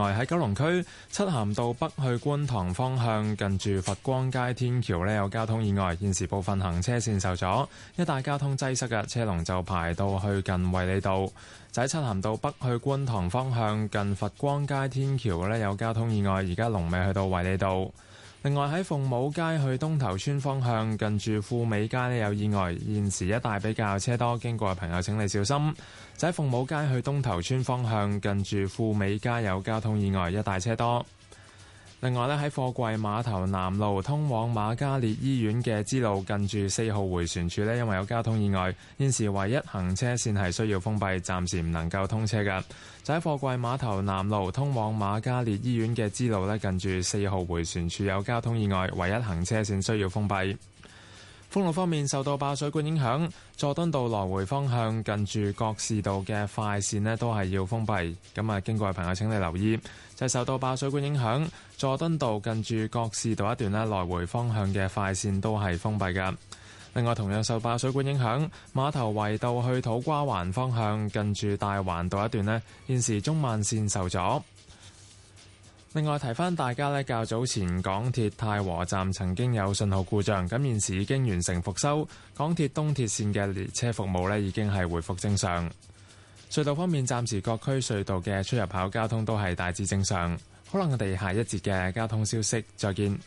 外喺九龍區漆咸道北，去觀塘方向，近住佛光街天橋呢有交通意外，現時部分行車線受阻，一帶交通擠塞嘅車龍就排到去近衛理道。就喺漆咸道北，去觀塘方向，近佛光街天橋呢有交通意外，而家龍未去到衛理道。另外喺鳳舞街去東頭村方向，近住富美街呢有意外，現時一帶比較有車多，經過嘅朋友請你小心。就喺鳳舞街去東頭村方向，近住富美街有交通意外，一帶車多。另外呢，喺貨櫃碼頭南路通往瑪嘉烈醫院嘅支路，近住四號迴旋處呢，因為有交通意外，現時唯一行車線係需要封閉，暫時唔能夠通車嘅。就喺貨櫃碼頭南路通往瑪嘉烈醫院嘅支路呢，近住四號迴旋處有交通意外，唯一行車線需要封閉。封路方面受到爆水管影響，佐敦道來回方向近住覺士道嘅快線都係要封閉。咁啊，經過嘅朋友請你留意。係受到爆水管影響，佐敦道近住各市道一段咧來回方向嘅快線都係封閉嘅。另外，同樣受爆水管影響，馬頭圍道去土瓜灣方向近住大環道一段咧，現時中慢線受阻。另外，提翻大家咧，較早前港鐵太和站曾經有信號故障，咁現時已經完成復修，港鐵東鐵線嘅列車服務咧已經係回復正常。隧道方面，暫時各區隧道嘅出入口交通都係大致正常。可能，我哋下一節嘅交通消息，再見。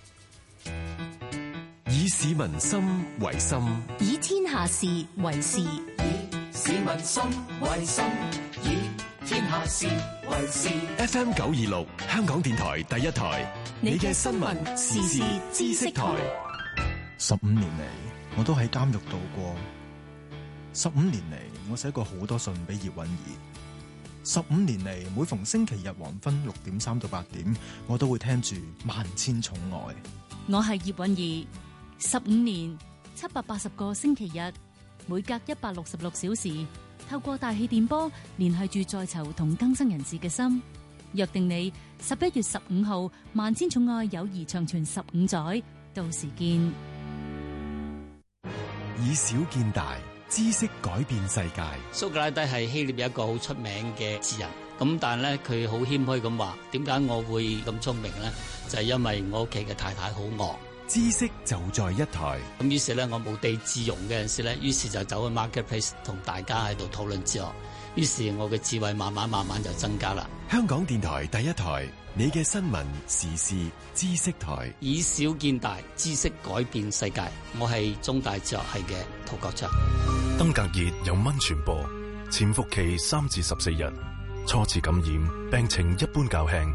以市民心為心，以天下事為事。以市民心為心，以天下事為事。FM 九二六，香港電台第一台，你嘅新聞時事知識台。十五年嚟，我都喺監獄度過。十五年嚟，我寫過好多信俾葉韻儀。十五年嚟，每逢星期日黃昏六點三到八點，我都會聽住《萬千寵愛》。我係葉韻儀，十五年七百八十個星期日，每隔一百六十六小時，透過大氣電波聯繫住在囚同更生人士嘅心，約定你十一月十五號《萬千寵愛》友誼長存十五載，到時見。以小見大。知識改變世界。蘇格拉底係希臘一個好出名嘅智人，咁但係咧佢好謙虛咁話：，點解我會咁聰明咧？就係因為我屋企嘅太太好惡。知識就在一台。咁於是咧，我無地自容嘅陣時咧，於是就走去 marketplace 同大家喺度討論哲學。於是我嘅智慧慢慢慢慢就增加啦。香港電台第一台。你嘅新聞時事知識台，以小見大，知識改變世界。我係中大哲學系嘅陶國璋。登革熱由蚊傳播，潛伏期三至十四日。初次感染病情一般較輕，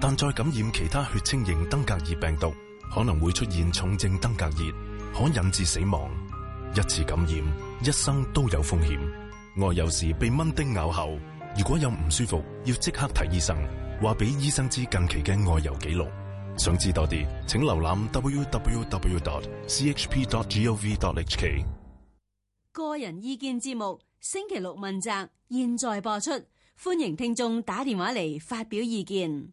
但再感染其他血清型登革熱病毒，可能會出現重症登革熱，可引致死亡。一次感染，一生都有風險。外遊時被蚊叮咬後，如果有唔舒服，要即刻睇醫生。話俾醫生知近期嘅外遊記錄。想知道啲，請瀏覽 w w w d o t c h p d o t g o v d o t h k。個人意見節目星期六問責，現在播出。歡迎聽眾打電話嚟發表意見。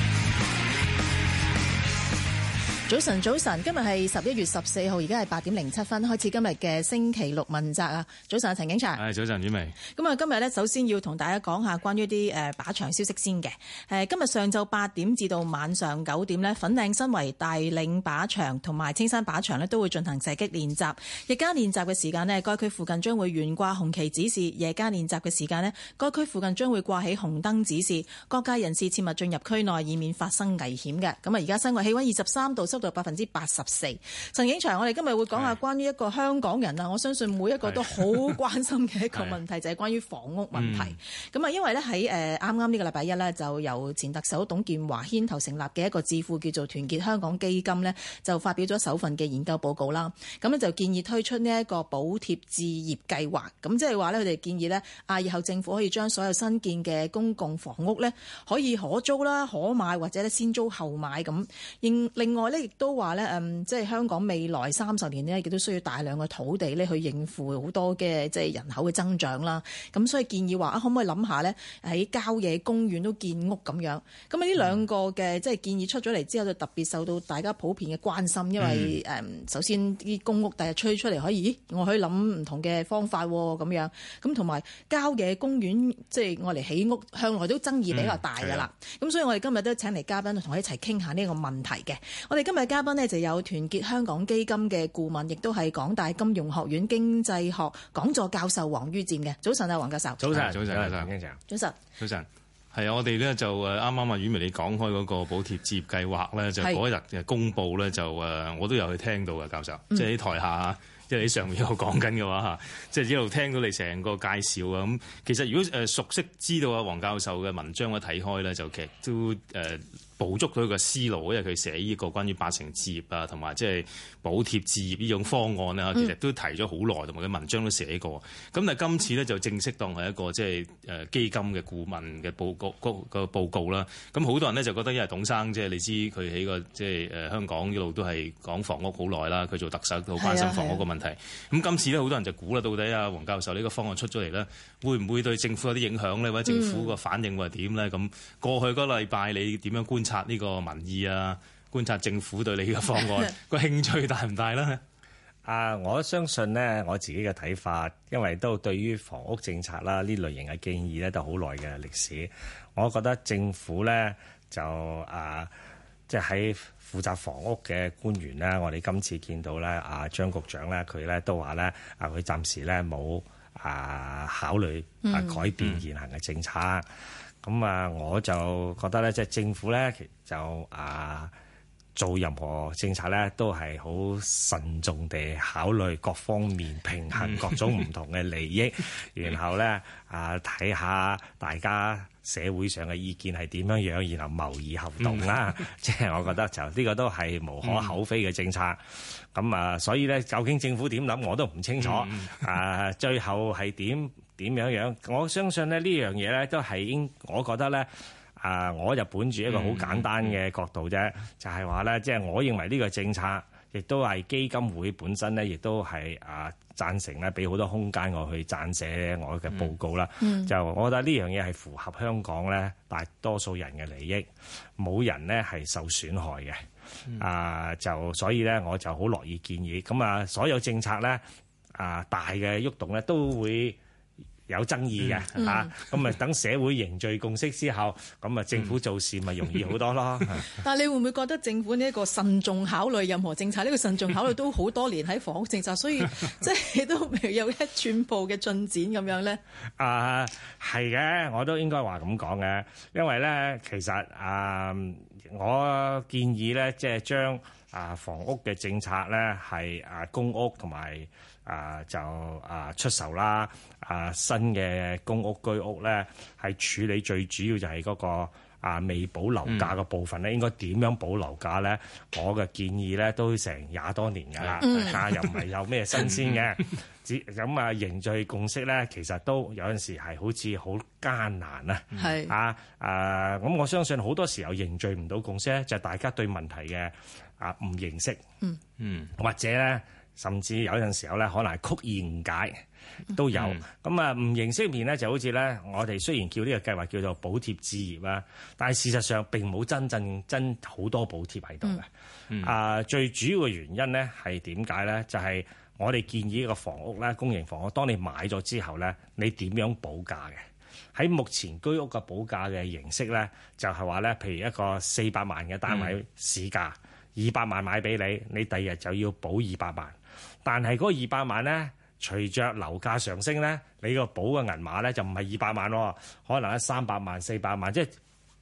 早晨，早晨，今日係十一月十四號而家係八點零七分，開始今日嘅星期六問責啊！早晨陳景祥。係，早晨，婉薇。咁啊，今日咧，首先要同大家講下關於啲誒靶場消息先嘅。誒今日上晝八點至到晚上九點咧，粉嶺新圍大嶺靶場同埋青山靶場咧，都會進行射擊練習，日間練習嘅時間咧，該區附近將會懸掛紅旗指示；夜間練習嘅時間咧，該區附近將會掛起紅燈指示，各界人士切勿進入區內，以免發生危險嘅。咁啊，而家新圍氣温二十三度，就百分之八十四。陳景祥，我哋今日會講下關於一個香港人啊，是我相信每一個都好關心嘅一個問題，是就係關於房屋問題。咁啊、嗯，因為咧喺誒啱啱呢個禮拜一呢，就由前特首董建華牽頭成立嘅一個致富叫做團結香港基金呢，就發表咗首份嘅研究報告啦。咁咧就建議推出呢一個補貼置業計劃。咁即係話呢，佢哋建議呢，啊，以後政府可以將所有新建嘅公共房屋呢，可以可租啦、可買或者咧先租後買咁。另另外呢。都話咧、嗯，即係香港未來三十年呢，亦都需要大量嘅土地咧去應付好多嘅即係人口嘅增長啦。咁所以建議話啊，可唔可以諗下呢？喺郊野公園都建屋咁樣？咁啊，呢兩個嘅、嗯、即係建議出咗嚟之後，就特別受到大家普遍嘅關心，因為、嗯、首先啲公屋第日吹出嚟，可以，我可以諗唔同嘅方法喎、啊，咁樣。咁同埋郊野公園即係我嚟起屋，向來都爭議比較大㗎喇。咁、嗯、所以我哋今日都請嚟嘉賓同我一齊傾下呢個問題嘅。我哋今日。嘉賓呢就有團結香港基金嘅顧問，亦都係港大金融學院經濟學講座教授王于漸嘅。早晨啊，王教授。早晨，早晨，早晨。早晨，早晨。係啊，我哋咧就誒啱啱啊，婉薇你講開嗰個補貼置業計劃咧是，就嗰日嘅公布咧，就誒我都有去聽到嘅，教授。即係喺台下，即係喺上面有講緊嘅話吓，即係一路聽到你成個介紹啊。咁其實如果誒熟悉知道啊，王教授嘅文章我睇開咧就其實都誒。呃捕捉到佢個思路，因為佢寫呢個關於八成置業啊，同埋即係補貼置業呢種方案啊，其實都提咗好耐，同埋佢文章都寫過。咁但係今次呢，就正式當係一個即係誒基金嘅顧問嘅報告嗰個報告啦。咁好多人呢，就覺得，因為董生即係你知佢喺個即係誒香港一路都係講房屋好耐啦，佢做特首都好關心房屋個問題。咁今次呢，好多人就估啦，到底啊王教授呢個方案出咗嚟呢，會唔會對政府有啲影響呢？或者政府個反應會係點呢？嗯。咁過去嗰個禮拜你點樣觀察？察呢個民意啊，觀察政府對你嘅方案個 興趣大唔大啦？啊，我相信呢，我自己嘅睇法，因為都對於房屋政策啦，呢類型嘅建議呢，都好耐嘅歷史。我覺得政府呢、啊，就啊，即係喺負責房屋嘅官員啦，我哋今次見到呢，啊張局長呢，佢呢都話呢，啊，佢暫時呢冇啊考慮啊改變現行嘅政策。嗯嗯。咁啊，我就覺得咧，即政府咧，就啊做任何政策咧，都係好慎重地考慮各方面平衡各種唔同嘅利益，嗯、然後咧啊睇下大家社會上嘅意見係點樣樣，然後謀而後動啦。即係、嗯、我覺得就呢、這個都係無可厚非嘅政策。咁、嗯、啊，所以咧，究竟政府點諗我都唔清楚、嗯、啊，最後係點？點樣樣？我相信咧呢樣嘢咧都係應，我覺得咧啊，我就本住一個好簡單嘅角度啫，嗯嗯、就係話咧，即係我認為呢個政策亦都係基金會本身咧，亦都係啊贊成咧，俾好多空間我去撰寫我嘅報告啦。嗯嗯、就我覺得呢樣嘢係符合香港咧大多數人嘅利益，冇人咧係受損害嘅、嗯、啊。就所以咧，我就好樂意建議咁啊。所有政策咧啊，大嘅喐動咧都會。有爭議嘅嚇，咁咪等社會凝聚共識之後，咁啊政府做事咪容易好多咯。但係你會唔會覺得政府呢一個慎重考慮任何政策？呢個慎重考慮都好多年喺房屋政策，所以即係都未有一寸步嘅進展咁樣咧。啊，係嘅，我都應該話咁講嘅，因為咧，其實啊，我建議咧，即係將啊房屋嘅政策咧係啊公屋同埋。啊，就啊出售啦！啊，新嘅公屋居屋咧，係處理最主要就係嗰、那個啊，未保留價嘅部分咧，嗯、應該點樣保留價咧？我嘅建議咧，都成廿多年噶啦，嗯、又唔係有咩新鮮嘅。咁、嗯、啊，凝聚共識咧，其實都有陣時係好似好艱難、嗯、啊！啊，咁我相信好多時候凝聚唔到共識咧，就係、大家對問題嘅啊唔認識，嗯，或者咧。甚至有陣時候咧，可能曲意誤解都有咁啊。唔認識面咧，就好似咧，我哋雖然叫呢個計劃叫做補貼置業啊，但係事實上並冇真正真好多補貼喺度嘅啊。最主要嘅原因咧係點解咧？就係、是、我哋建議呢個房屋咧，公營房屋當你買咗之後咧，你點樣補價嘅？喺目前居屋嘅補價嘅形式咧，就係話咧，譬如一個四百萬嘅單位市價二百、嗯、萬買俾你，你第二日就要補二百萬。但係嗰二百萬咧，隨着樓價上升咧，你個補嘅銀碼咧就唔係二百萬，可能喺三百萬、四百萬，即係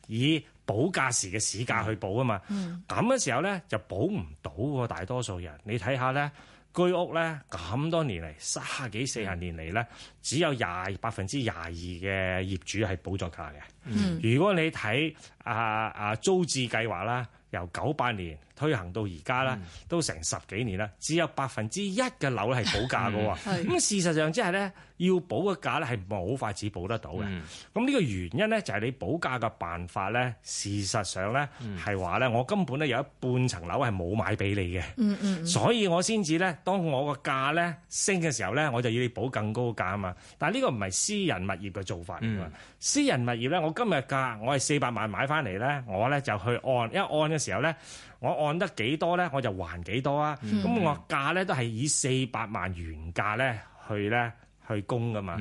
以補價時嘅市價去補啊嘛。咁嘅、嗯、時候咧就補唔到喎，大多數人。你睇下咧，居屋咧咁多年嚟，卅幾四十年嚟咧，只有廿百分之廿二嘅業主係補咗價嘅。嗯、如果你睇啊啊租置計劃啦，由九八年，推行到而家啦，都成十幾年啦，只有百分之一嘅樓咧係補價嘅喎。咁、 嗯、是事實上即係咧，要補個價咧係冇法子補得到嘅。咁呢、嗯、個原因咧就係你補價嘅辦法咧，事實上咧係話咧，我根本咧有一半層樓係冇買俾你嘅，嗯嗯，所以我先至咧當我個價咧升嘅時候咧，我就要你補更高的價啊嘛。但係呢個唔係私人物業嘅做法嚟㗎。嗯、私人物業咧，我今日價我係四百萬買翻嚟咧，我咧就去按，因為按嘅時候咧。我按得幾多咧，我就還幾多啊！咁、mm hmm. 我價咧都係以四百萬原價咧去咧去供噶嘛。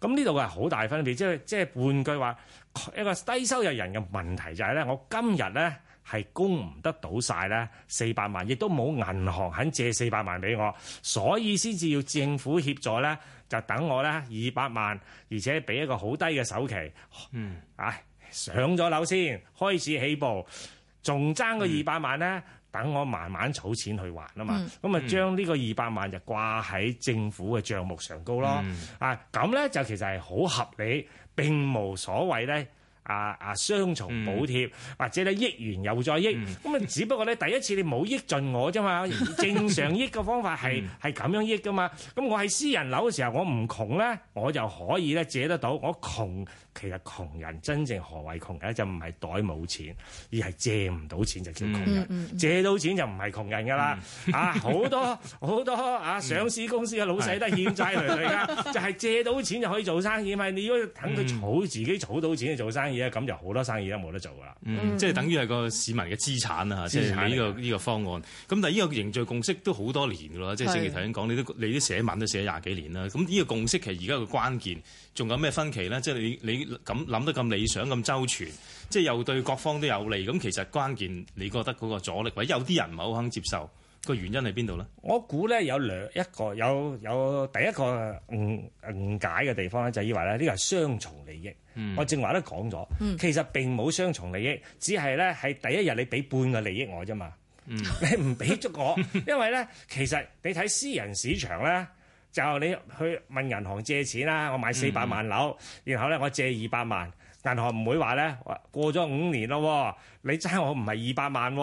咁呢度係好大分別，即係即係換句話，一個低收入人嘅問題就係咧，我今日咧係供唔得到晒，咧四百萬，亦都冇銀行肯借四百萬俾我，所以先至要政府協助咧，就等我咧二百萬，而且俾一個好低嘅首期，嗯、mm hmm.，啊上咗樓先開始起步。仲爭個二百萬咧，嗯、等我慢慢儲錢去還啊嘛。咁啊、嗯，將呢個二百萬就掛喺政府嘅帳目上高咯。嗯、啊，咁咧就其實係好合理，並無所謂咧。啊啊，雙重補貼、嗯、或者咧益完又再益，咁啊、嗯，只不過咧 第一次你冇益盡我啫嘛。正常益嘅方法係係咁樣益噶嘛。咁我喺私人樓嘅時候，我唔窮咧，我就可以咧借得到。我窮。其實窮人真正何謂窮人咧？就唔係袋冇錢，而係借唔到錢就叫、是、窮人。嗯、借到錢就唔係窮人噶啦。嗯、啊，好多好、嗯、多啊上市公司嘅老細都欠債嚟㗎，嗯、就係借到錢就可以做生意咪？嗯、你如果等佢儲自己儲到錢去做生意咁就好多生意都冇得做㗎啦。嗯嗯、即係等於係個市民嘅資產啊！產即係呢個呢個方案。咁但呢個凝聚共識都好多年㗎啦。即係正如頭先講，你啲你啲寫文都寫廿幾年啦。咁呢個共識其實而家個關鍵。仲有咩分歧咧？即係你你咁諗得咁理想咁周全，即係又對各方都有利。咁其實關鍵，你覺得嗰個阻力或者有啲人唔係好肯接受，個原因喺邊度咧？我估咧，有兩一個有有第一個誤誤解嘅地方咧，就係以為咧呢個係雙重利益。嗯、我正話都講咗，其實並冇雙重利益，只係咧係第一日你俾半個利益我啫嘛。嗯、你唔俾足我， 因為咧其實你睇私人市場咧。就你去問銀行借錢啦，我買四百萬樓，嗯、然後咧我借二百萬，銀行唔會話咧過咗五年咯，你爭我唔係二百萬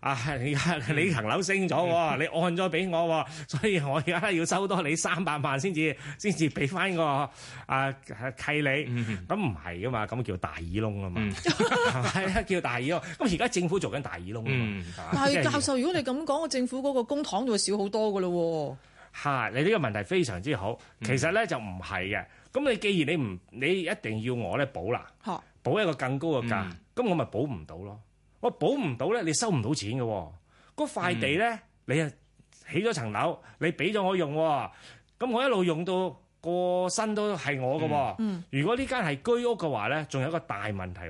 啊！你層樓、嗯、升咗，嗯、你按咗俾我，所以我而家要收多你三百萬先至先至俾翻個啊契你，咁唔係噶嘛，咁叫大耳窿啊嘛，係啊、嗯、 叫大耳窿。咁而家政府做緊大耳窿嘛，但係教授如果你咁講，政府嗰個公帑就會少好多噶咯。係、啊，你呢個問題非常之好。其實咧、嗯、就唔係嘅。咁你既然你唔，你一定要我咧補啦，補一個更高嘅價，咁、嗯、我咪補唔到咯。我補唔到咧，你收唔到錢嘅。嗰塊地咧，你起咗層樓，你俾咗我用，咁我一路用到過身都係我嘅。如果呢間係居屋嘅話咧，仲有一個大問題。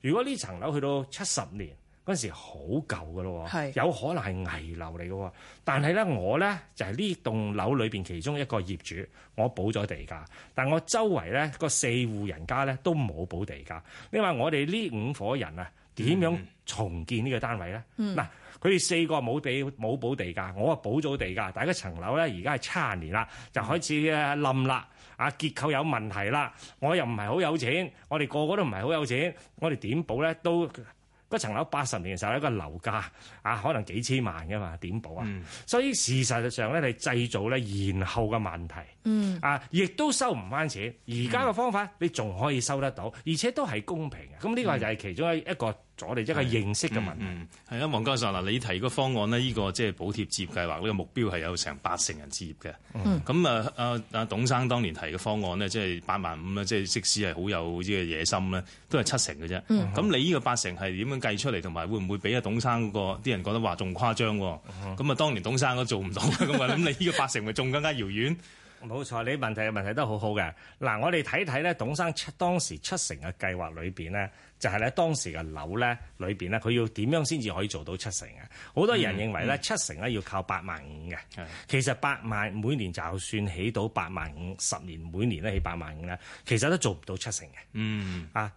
如果呢層樓去到七十年。嗰陣時好舊嘅咯，有可能係危樓嚟嘅。但係咧，我咧就係、是、呢棟樓裏面其中一個業主，我補咗地價。但我周圍咧個四戶人家咧都冇補地價，因為我哋呢五伙人啊點樣重建呢個單位咧？嗱、嗯，佢哋四個冇地冇補地價，我啊補咗地價。但係嗰層樓咧而家係差年啦，就開始冧啦，啊結構有問題啦。我又唔係好有錢，我哋個個都唔係好有錢，我哋點補咧都？個層樓八十年嘅時候，一個樓價啊，可能幾千萬㗎嘛，點補啊？嗯、所以事實上咧，係製造咧延後嘅問題，嗯、啊，亦都收唔返錢。而家嘅方法，你仲可以收得到，而且都係公平嘅。咁呢個就係其中一個、嗯、一個。我哋一個認識嘅問題，嗯，係、嗯、啊，王教授嗱，你提個方案呢，呢、這個即係、就是、補貼置業計劃呢、這個目標係有成八成人置業嘅，咁、嗯、啊啊啊董生當年提嘅方案呢，即係八萬五啦，即係即使係好有呢個野心咧，都係七成嘅啫，咁、嗯、你呢個八成係點樣計出嚟？同埋會唔會俾阿董生嗰、那個啲人覺得話仲誇張喎？咁啊、嗯，那當年董生都做唔到嘅，咁啊、嗯，咁 你呢個八成咪仲更加遙遠？冇錯，你問題嘅問題都好好嘅。嗱，我哋睇睇咧，董生出當時七成嘅計劃裏邊咧，就係、是、咧當時嘅樓咧裏邊咧，佢要點樣先至可以做到七成嘅？好多人認為咧，七成咧要靠八萬五嘅。嗯嗯、其實八萬每年就算起到八萬五，十年每年都起八萬五咧，其實都做唔到七成嘅。嗯，啊，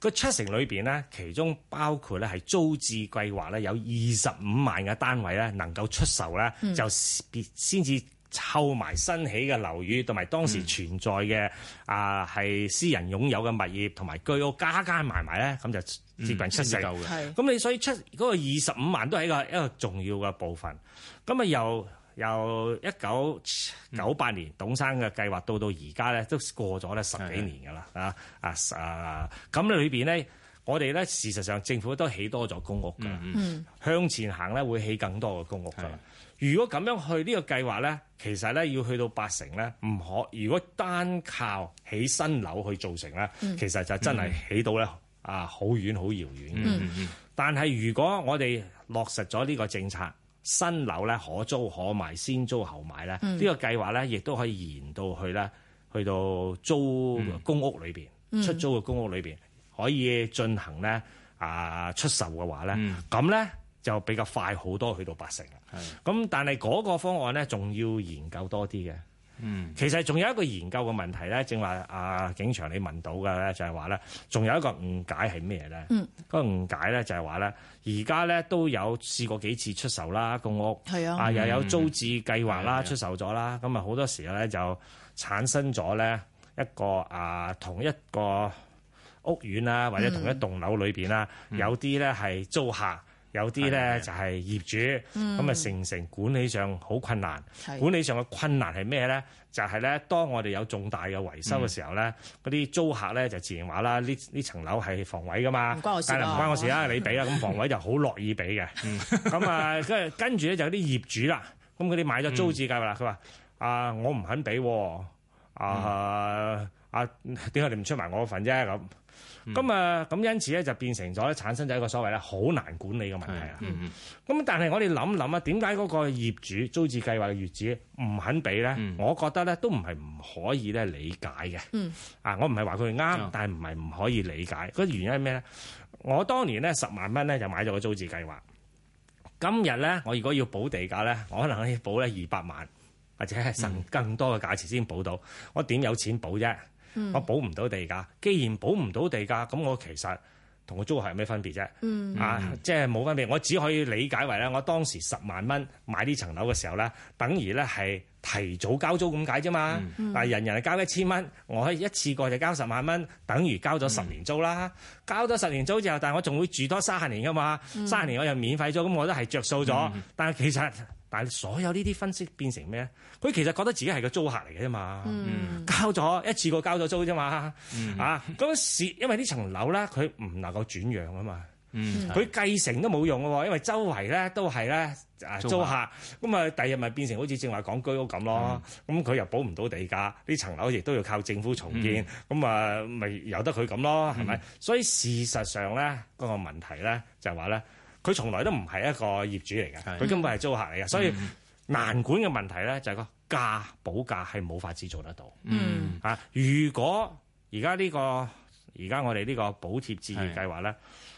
個七成裏邊咧，其中包括咧係租置計劃咧，有二十五萬嘅單位咧，能夠出售咧，嗯、就先至。湊埋新起嘅樓宇，同埋當時存在嘅啊，係私人擁有嘅物業，同埋居屋，加加埋埋咧，咁就接近七成。咁、嗯嗯、你所以出嗰、嗰個二十五萬都係一個一個重要嘅部分。咁啊，又由一九九八年董生嘅計劃到到而家咧，都過咗咧十幾年噶啦啊啊啊！咁、啊、裏面咧，我哋咧事實上政府都起多咗公屋噶啦，嗯嗯、向前行咧會起更多嘅公屋噶啦。如果咁樣去呢個計劃咧，其實咧要去到八成咧，唔可。如果單靠起新樓去造成咧，嗯、其實就真係起到咧啊，好遠好遙遠、嗯嗯、但係如果我哋落實咗呢個政策，新樓咧可租可買，先租後買咧，呢、嗯、個計劃咧亦都可以延到去咧，去到租公屋裏面，嗯嗯、出租嘅公屋裏面，可以進行咧啊出售嘅話咧，咁咧、嗯、就比較快好多去到八成。咁，是但係嗰個方案咧，仲要研究多啲嘅。嗯，其實仲有一個研究嘅問題咧，正話啊，景祥你問到嘅咧，就係話咧，仲有一個誤解係咩咧？嗯，嗰個誤解咧就係話咧，而家咧都有試過幾次出售啦公屋，係的啊，啊又有租置計劃啦出售咗啦，咁啊好多時候咧就產生咗咧一個啊同一個屋苑啊或者同一棟樓裏邊啦，嗯、有啲咧係租客。有啲咧就係業主，咁啊成成管理上好困難。嗯、管理上嘅困難係咩咧？就係咧，當我哋有重大嘅維修嘅時候咧，嗰啲、嗯、租客咧就自然話啦，呢呢層樓係房委噶嘛，但係唔關我事啦，你俾啦，咁房委就好樂意俾嘅。咁啊，跟跟住咧就啲業主啦，咁佢哋買咗租置㗎啦，佢話：啊，我唔肯俾，啊啊，點解你唔出埋我份啫？咁咁啊，咁、嗯、因此咧就變成咗咧，產生咗一個所謂咧好難管理嘅問題啦。咁、嗯嗯、但係我哋諗諗啊，點解嗰個業主租置計劃嘅業主唔肯俾咧？嗯、我覺得咧都唔係唔可以咧理解嘅。啊、嗯，我唔係話佢啱，嗯、但係唔係唔可以理解。個原因係咩咧？我當年咧十萬蚊咧就買咗個租置計劃。今日咧我如果要補地價咧，我可能可以補咧二百萬或者係甚更多嘅價錢先補到。嗯、我點有錢補啫？我補唔到地價，既然補唔到地價，咁我其實同個租客有咩分別啫？嗯、啊，即係冇分別，我只可以理解為咧，我當時十萬蚊買呢層樓嘅時候咧，等於咧係提早交租咁解啫嘛。但、嗯嗯、人人係交一千蚊，我可以一次過就交十萬蚊，等於交咗十年租啦。嗯、交咗十年租之後，但我仲會住多三十年㗎嘛。三十年我又免費租，咁我都係着數咗。嗯、但其實。所有呢啲分析變成咩？佢其實覺得自己係個租客嚟嘅啫嘛，嗯、交咗一次過交咗租啫嘛，嗯、啊咁事，因為呢層樓咧，佢唔能夠轉讓啊嘛，佢、嗯、繼承都冇用嘅喎，因為周圍咧都係咧租客，咁啊第二日咪變成好似正話講居屋咁咯，咁佢、嗯、又補唔到地價，呢層樓亦都要靠政府重建，咁啊咪由得佢咁咯，係咪、嗯？所以事實上咧，嗰、嗰個問題咧就係話咧。佢從來都唔係一個業主嚟嘅，佢根本係租客嚟嘅，的所以難管嘅問題咧就係個價補價係冇法子做得到。嗯啊，如果而家呢個而家我哋呢個補貼置業計劃咧，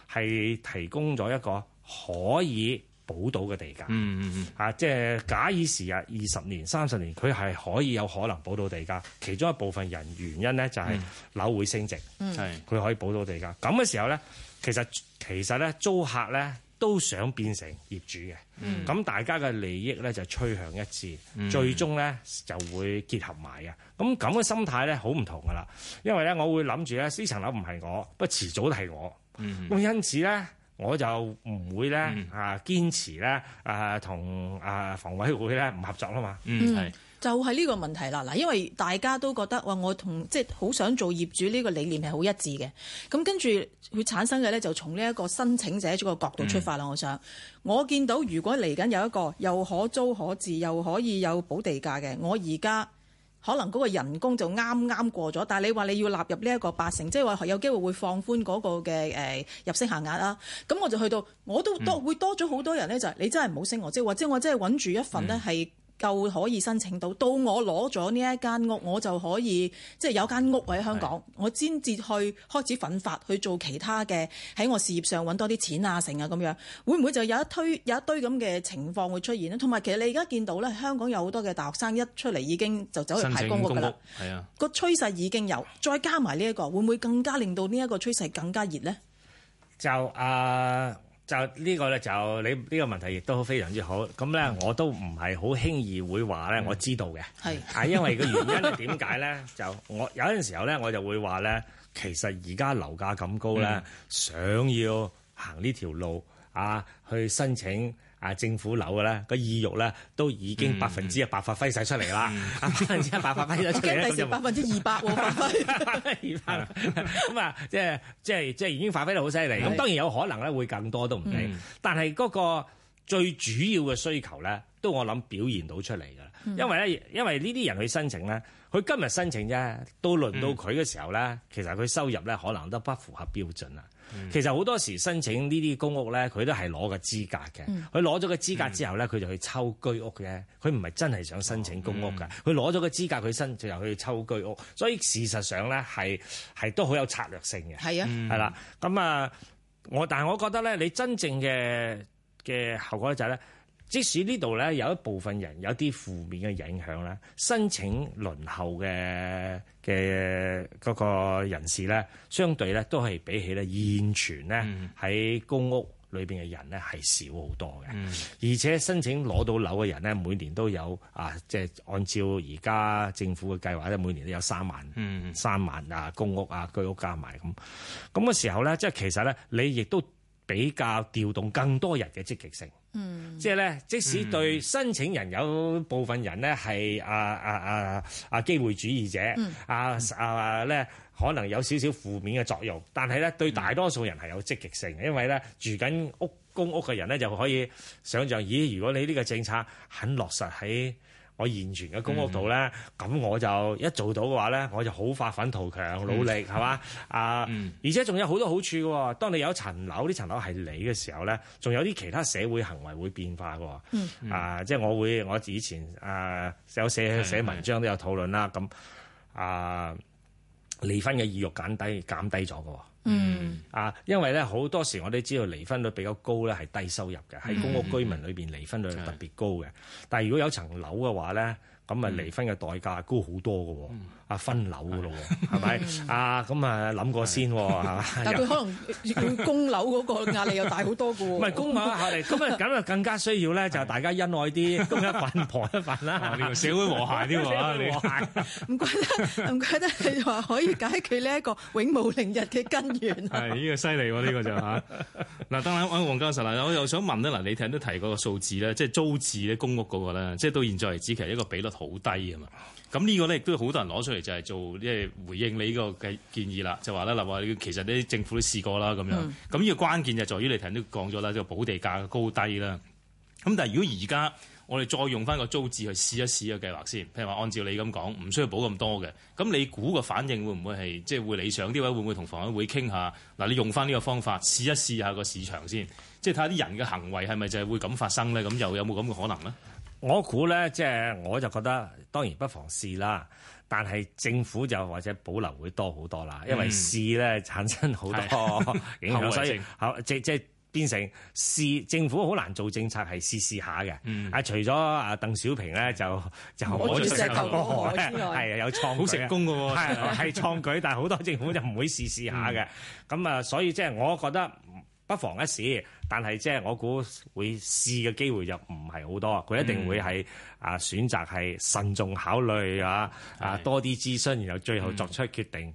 係的提供咗一個可以補到嘅地價。嗯嗯嗯啊，即係假以時日，二十年、三十年，佢係可以有可能補到地價。其中一部分人原因咧就係樓會升值，係佢的可以補到地價。咁嘅的時候咧，其實其實咧租客咧。都想變成業主嘅，咁、嗯、大家嘅利益咧就趨向一致，嗯、最終咧就會結合埋嘅。咁咁嘅心態咧好唔同噶啦，因為咧我會諗住咧呢層樓唔係我，不過遲早都係我，咁、嗯、因此咧我就唔會咧啊堅持咧啊同啊房委會咧唔合作啦嘛，嗯係。就係呢個問題啦嗱，因為大家都覺得我同即係好想做業主呢個理念係好一致嘅。咁跟住會產生嘅呢，就從呢一個申請者個角度出發啦。嗯、我想我見到如果嚟緊有一個又可租可置，又可以有補地價嘅，我而家可能嗰個人工就啱啱過咗，但係你話你要納入呢一個八成，即係話有機會會放寬嗰個嘅入息限額啦。咁我就去到我都多會多咗好多人呢，就係、是、你真係唔好升我，即係、嗯、或者我真係揾住一份呢係。就可以申請到，到我攞咗呢一間屋，我就可以即係有間屋喺香港，的我先至去開始奮發去做其他嘅喺我事業上揾多啲錢啊，成啊咁樣，會唔會就有一堆有一堆咁嘅情況會出現呢？同埋其實你而家見到呢，香港有好多嘅大學生一出嚟已經就走去排光屋噶啦，個趨勢已經有，再加埋呢一個，會唔會更加令到呢一個趨勢更加熱呢？就啊！呃就個呢個咧，就你呢、呢個問題亦都非常之好。咁咧，我都唔係好輕易會話咧，我知道嘅。係啊、嗯，但因為個原因咧，點解咧？就我有陣時候咧，我就會話咧，其實而家樓價咁高咧，嗯、想要行呢條路啊，去申請。啊，政府樓咧個意欲咧都已經百分之一百發揮晒出嚟啦！嗯、百分之一百發揮晒出嚟咧， 來百分之二百喎， 二百咁啊、嗯嗯！ 即係即係即係已經發揮得好犀利。咁當然有可能咧會更多都唔定，嗯、但係嗰個最主要嘅需求咧，都我諗表現到出嚟噶啦。因為咧，因為呢啲人去申請咧，佢今日申請啫，到輪到佢嘅時候咧，嗯、其實佢收入咧可能都不符合標準啊。其實好多時申請呢啲公屋咧，佢都係攞個資格嘅。佢攞咗個資格之後咧，佢就去抽居屋嘅。佢唔係真係想申請公屋㗎。佢攞咗個資格，佢申請又去抽居屋。所以事實上咧，係係都好有策略性嘅。係啊，係啦。咁啊，我但係我覺得咧，你真正嘅嘅後果就係咧。即使呢度咧有一部分人有啲負面嘅影響咧，申請輪候嘅嘅嗰個人士咧，相對咧都係比起咧現存咧喺公屋裏邊嘅人咧係少好多嘅，嗯，而且申請攞到樓嘅人咧每年都有啊，即係按照而家政府嘅計劃咧，每年都有三萬、三萬啊公屋啊居屋加埋咁，咁嘅時候咧即係其實咧你亦都。比較調動更多人嘅積極性，嗯，即係咧，即使對申請人有部分人咧係、嗯、啊啊啊啊機會主義者，嗯、啊啊咧、啊、可能有少少負面嘅作用，但係咧對大多數人係有積極性嘅，因為咧住緊屋公屋嘅人咧就可以想像，咦，如果你呢個政策肯落實喺。我完全喺公屋度咧，咁、嗯、我就一做到嘅話咧，我就好發奮圖強努力，係嘛？啊，而且仲有好多好處嘅。當你有層樓，呢層樓係你嘅時候咧，仲有啲其他社會行為會變化嘅、嗯啊就是。啊，即係我會我以前啊有寫寫文章都有討論啦。咁、嗯嗯、啊，離婚嘅意欲減低減低咗喎。嗯啊，因為咧好多時我哋知道離婚率比較高咧，係低收入嘅，喺公屋居民裏邊離婚率特別高嘅。但係如果有層樓嘅話咧，咁啊離婚嘅代價高好多嘅喎。 啊，分樓嘅咯喎，係咪啊？咁啊，諗過先喎， 吧但佢可能要供樓嗰個壓力又大好多嘅喎、啊。 唔係供樓壓力，咁啊，咁啊，更加需要咧，就大家恩愛啲，公 一份，婆 一份啦，你話社會和諧啲喎、啊？和諧，唔怪得，唔怪得，你話可以解決呢一個永無寧日嘅根源、啊。 係呢個犀利喎，呢個就嚇、是、嗱、啊，等等啊，王教授嗱，我又想問咧嗱，你頭都提嗰個數字啦，即、就、係、是、租置咧，公屋嗰、那個咧，即、就、係、是、到現在為止，其實一個比率好低啊嘛。咁呢個咧亦都好多人攞出嚟就係做，即係回應你呢個嘅建議啦，就話咧嗱話，其實啲政府都試過啦咁樣。咁呢、嗯、個關鍵就在於你頭先都講咗啦，即係補地價高低啦。咁但係如果而家我哋再用翻個租置去試一試個計劃先，譬如話按照你咁講，唔需要補咁多嘅。咁你估個反應會唔會係即係會理想？啲位會唔會同房委會傾下？嗱，你用翻呢個方法試一試下個市場先，即係睇下啲人嘅行為係咪就係會咁發生咧？咁又有冇咁嘅可能咧？我估咧，即係我就覺得，當然不妨試啦。但係政府就或者保留會多好多啦，因為試咧產生好多影響，嗯、所以好即即變成試政府好難做政策係試試下嘅。啊、嗯，除咗啊，鄧小平咧就就摸石頭過河，係啊，有創成功㗎喎，係創舉，但係好多政府就唔會試試下嘅。咁啊、嗯，所以即係我覺得。不妨一試，但係即係我估會試嘅機會又唔係好多，佢一定會係啊選擇係慎重考慮啊啊、嗯、多啲諮詢，然後最後作出決定。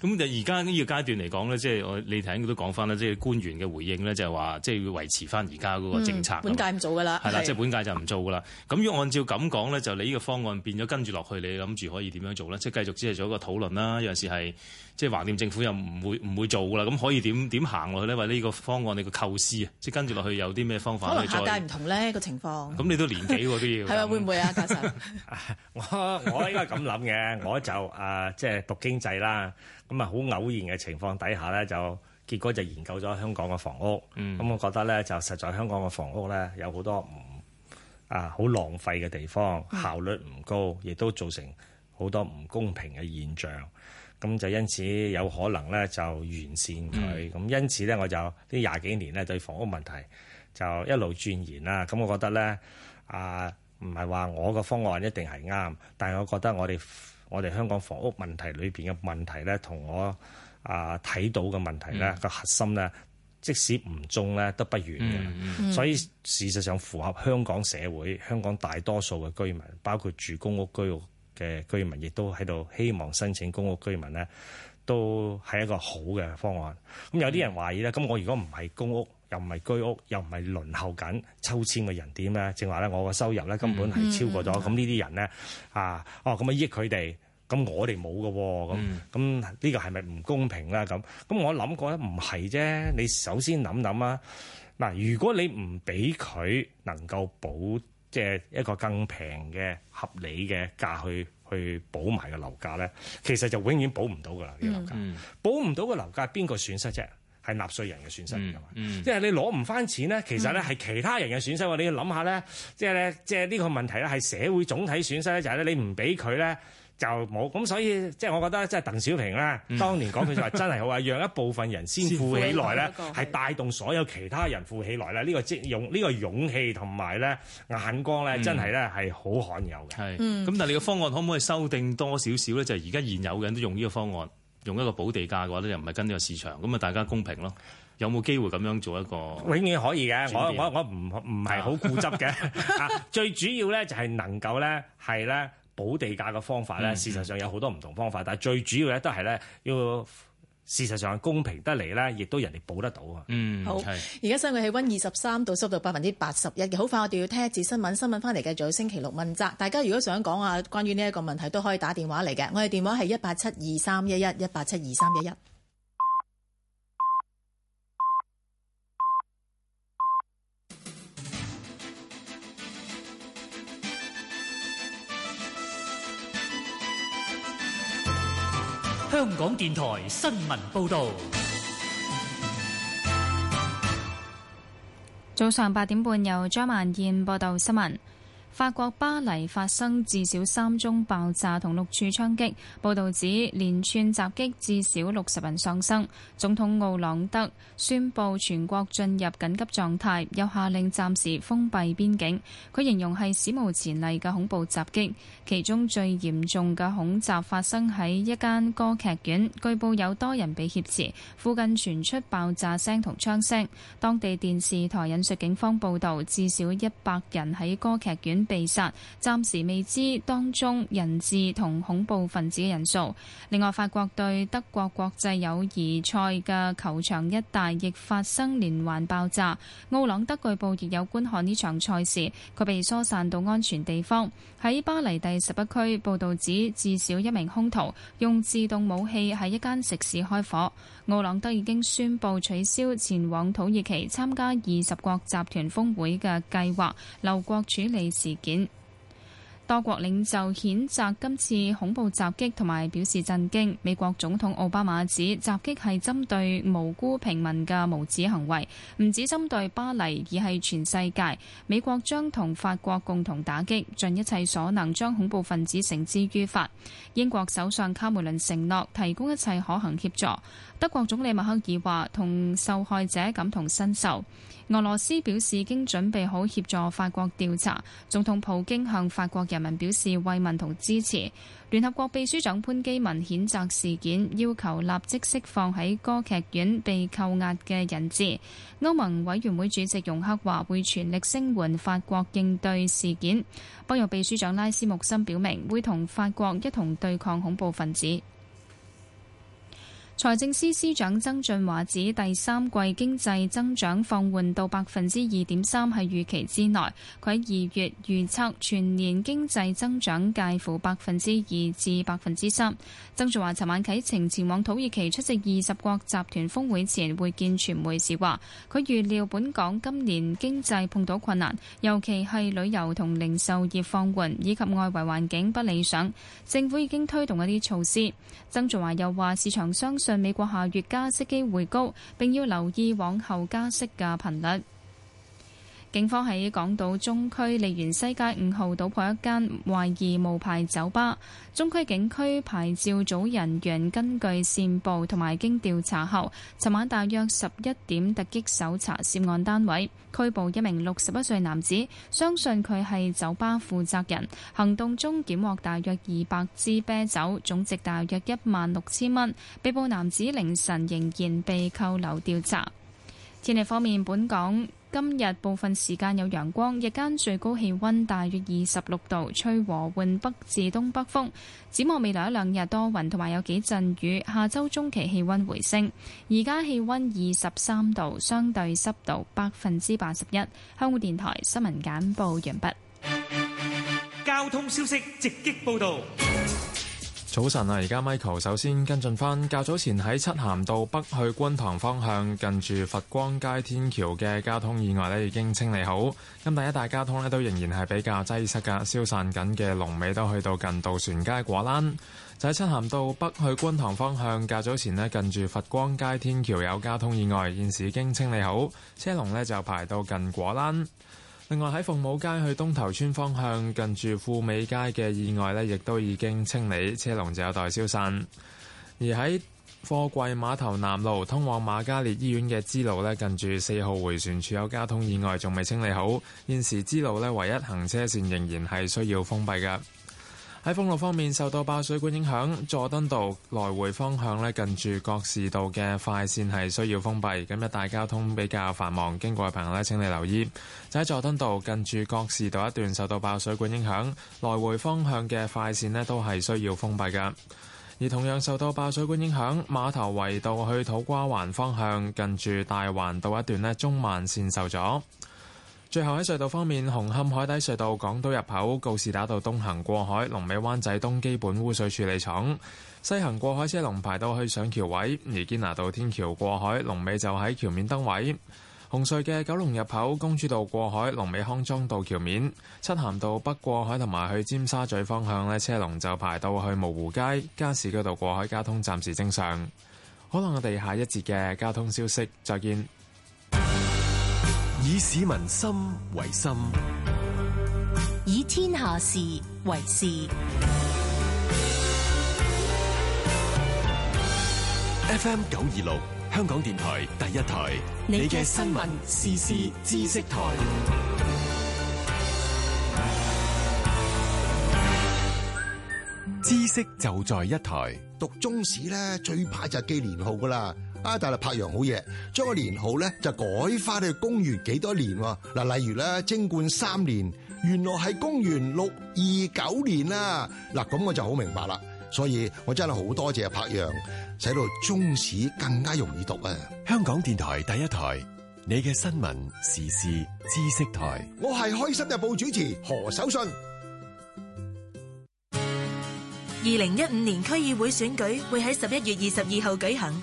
咁就而家呢個階段嚟講咧，即係我你睇我都講翻啦，即係官員嘅回應咧，就係話即係要維持翻而家嗰個政策。嗯、本屆唔做㗎啦，係啦，即係本屆就唔做㗎啦。咁如果按照咁講咧，就你呢個方案變咗跟住落去，你諗住可以點樣做咧？即係繼續只係做一個討論啦。有陣時係。即係橫掂政府又唔會唔會做啦，咁可以點點行落去咧？為呢個方案，你、這個構思啊，即跟住落去有啲咩方法？可能下屆唔同咧個再情況。咁你都年紀喎都要。係咪、 啊、那會唔會啊，教授？ 我我應該咁諗嘅，我就即係、呃就是、讀經濟啦。咁啊好偶然嘅情況底下咧，就結果就研究咗香港嘅房屋。咁、嗯嗯、我覺得咧就實在香港嘅房屋咧有好多唔啊好浪費嘅地方，效率唔高，哇亦都造成好多唔公平嘅現象。咁就因此有可能咧就完善佢，咁、嗯、因此咧我就呢廿幾年咧對房屋問題就一路鑽研啦。咁我覺得咧啊，唔係話我個方案一定係啱，但係我覺得我哋我哋香港房屋問題裏邊嘅問題咧，同我啊睇、呃、到嘅問題咧個核心咧，嗯、即使唔中咧都不遠嘅。嗯、所以事實上符合香港社會、香港大多數嘅居民，包括住公屋居屋。嘅居民亦都喺度希望申請公屋，居民咧都係一個好嘅方案。咁有啲人懷疑咧，咁我如果唔係公屋，又唔係居屋，又唔係輪候緊抽籤嘅人，點咧？正話咧，我個收入咧根本係超過咗，咁、嗯嗯、呢啲人咧啊，哦、啊，咁啊益佢哋，咁我哋冇嘅，咁咁呢個係咪唔公平啦？咁咁我諗過咧，唔係啫。你首先諗諗啊，嗱，如果你唔俾佢能夠補。即係一個更平嘅合理嘅價去去補埋個樓價咧，其實就永遠補唔到噶啦，啲、呢個、樓價補唔到嘅樓價邊個損失啫？係納稅人嘅損失嚟噶嘛？嗯嗯、即係你攞唔翻錢咧，其實咧係其他人嘅損失。你要諗下咧，即係咧即係呢個問題咧係社會總體損失咧，就係、係、咧你唔俾佢咧。就冇咁，所以即係我覺得，即係鄧小平咧，嗯、當年講佢就話說真係好話， 讓一部分人先富起來咧，係帶動所有其他人富起來咧。呢個即勇，呢個勇氣同埋咧眼光咧，嗯、真係咧係好罕有嘅。係，咁但係你個方案可唔可以修訂多少少咧？就係而家現有嘅人都用呢個方案，用一個保地價嘅話咧，又唔係跟呢個市場，咁啊大家公平咯。有冇機會咁樣做一個，永遠可以嘅，我我我唔唔係好固執嘅、 啊。最主要咧就係能夠咧係咧。保地價嘅方法呢，事實上有好多唔同方法，嗯嗯、但係最主要咧都係呢，要事實上公平得嚟呢，亦都人哋保得到啊。嗯，好。而家室外氣温二十三度，濕度百分之八十一嘅。好快，我哋要聽一節新聞，新聞返嚟繼續星期六問責。大家如果想講啊，關於呢一個問題，都可以打電話嚟嘅。我哋電話係一八七二三一一，一八七二三一一。香港電台新聞報道。早上八點半，由張曼燕報道新聞。法國巴黎發生至少三宗爆炸同六處槍擊，報道指連串襲擊至少六十人喪生。總統奧朗德宣布全國進入緊急狀態，又下令暫時封閉邊境。佢形容係史無前例嘅恐怖襲擊，其中最嚴重嘅恐襲發生喺一間歌劇院，據報有多人被挾持，附近傳出爆炸聲同槍聲。當地電視台引述警方報道，至少一百人喺歌劇院。被殺，暫時未知當中人質同恐怖分子嘅人數。另外，法國對德國國際友誼賽嘅球場一帶亦發生連環爆炸。奧朗德據報亦有觀看呢場賽事，佢被疏散到安全地方。喺巴黎第十一區報道指，至少一名凶徒用自動武器喺一間食肆開火。奧朗德已經宣布取消前往土耳其參加二十國集團峰會嘅計劃，留國處理事件。多國領袖譴責今次恐怖襲擊同埋表示震驚。美國總統奧巴馬指襲擊係針對無辜平民嘅無恥行為，唔止針對巴黎，而係全世界。美國將同法國共同打擊，盡一切所能將恐怖分子繩之於法。英國首相卡梅倫承諾提供一切可行協助。德國總理默克爾話同受害者感同身受。俄羅斯表示已經準備好協助法國調查，總統普京向法國人民表示慰問同支持。聯合國秘書長潘基文譴責事件，要求立即釋放喺歌劇院被扣押嘅人質。歐盟委員會主席容克話會全力聲援法國應對事件。北約秘書長拉斯穆森表明會同法國一同對抗恐怖分子。財政司司長曾俊華指，第三季經濟增長放緩到百分之二點三係預期之內。佢喺二月預測全年經濟增長介乎百分之二至百分之三。曾俊華尋晚啟程前往土耳其出席二十國集團峰會前會見傳媒時話，佢預料本港今年經濟碰到困難，尤其係旅遊同零售業放緩，以及外圍環境不理想。政府已經推動一啲措施。曾俊華又話，市場相。在美國下月加息機會高，並要留意往後加息嘅頻率。警方喺港島中區利源西街五號搗破一間懷疑無牌酒吧。中區警區牌照組人員根據線報同埋經調查後，尋晚大約十一點突擊搜查涉案單位，拘捕一名六十一歲男子，相信佢係酒吧負責人。行動中檢獲大約二百支啤酒，總值大約一萬六千蚊。被捕男子凌晨仍然被扣留調查。天氣方面，本港今日部分時間有陽光，日間最高氣溫大約二十六度，吹和緩北至東北風。展望未來一兩日多雲，同埋有幾陣雨。下周中期氣溫回升，而家氣溫二十三度，相對濕度百分之八十一。香港電台新聞簡報完畢。交通消息直擊報道。早晨啊！而家 Michael 首先跟進翻，較早前喺漆咸道北去觀塘方向近住佛光街天橋嘅交通意外呢已經清理好。咁第一大交通呢都仍然係比較擠塞噶，消散緊嘅龍尾都去到近渡船街果欄。就喺漆咸道北去觀塘方向，較早前呢近住佛光街天橋有交通意外，現時已經清理好，車龍呢就排到近果欄。另外喺鳳舞街去東頭村方向，近住富美街嘅意外呢亦都已經清理，車龍就有待消散。而喺貨櫃碼頭南路通往瑪嘉烈醫院嘅支路呢，近住四號迴旋處有交通意外，仲未清理好，現時支路呢唯一行車線仍然係需要封閉嘅。喺封路方面，受到爆水管影響，佐敦道來回方向呢，近住各市道嘅快線係需要封閉。今日大交通比較繁忙，經過嘅朋友呢，請你留意。就喺佐敦道近住各市道一段受到爆水管影響，來回方向嘅快線呢都係需要封閉㗎。而同樣受到爆水管影響，馬頭圍道去土瓜灣方向近住大環道一段呢，中慢線受阻。最後喺隧道方面，紅磡海底隧道港島入口告士打道東行過海，龍尾灣仔東基本污水處理廠；西行過海車龍排到去上橋位，而堅拿道天橋過海龍尾就喺橋面燈位。紅隧嘅九龍入口公主道過海龍尾康莊道橋面，漆咸道北過海同埋去尖沙咀方向呢車龍就排到去蕪湖街加士居道過海，交通暫時正常。好啦，我哋下一節嘅交通消息再見。以市民心為心，以天下事為事。FM 九二六，香港電台第一台，你嘅新聞、時事、知識台，嗯、知識就在一台。讀中史咧，最怕就係記年號噶啦。啊！但係柏楊好嘢，將個年號咧就改翻去公元幾多年？嗱，例如咧貞觀三年，原來係公元六二九年啦。嗱，咁我就好明白啦。所以我真係好多謝柏楊，使到中史更加容易讀啊！香港電台第一台，你嘅新聞時事知識台，我係開心日報主持何守信。二零一五年區議會選舉會喺十一月二十二號舉行。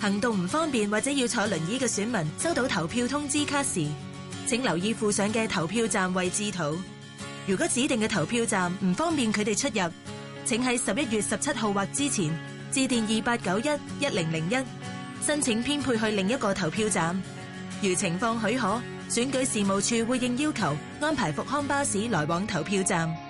行動唔方便或者要坐輪椅嘅選民收到投票通知卡時，請留意附上嘅投票站位置圖。如果指定嘅投票站唔方便佢哋出入，請喺十一月十七號或之前致電二八九一一零零一，1, 申請編配去另一個投票站。如情況許可，選舉事務處會應要求安排復康巴士來往投票站。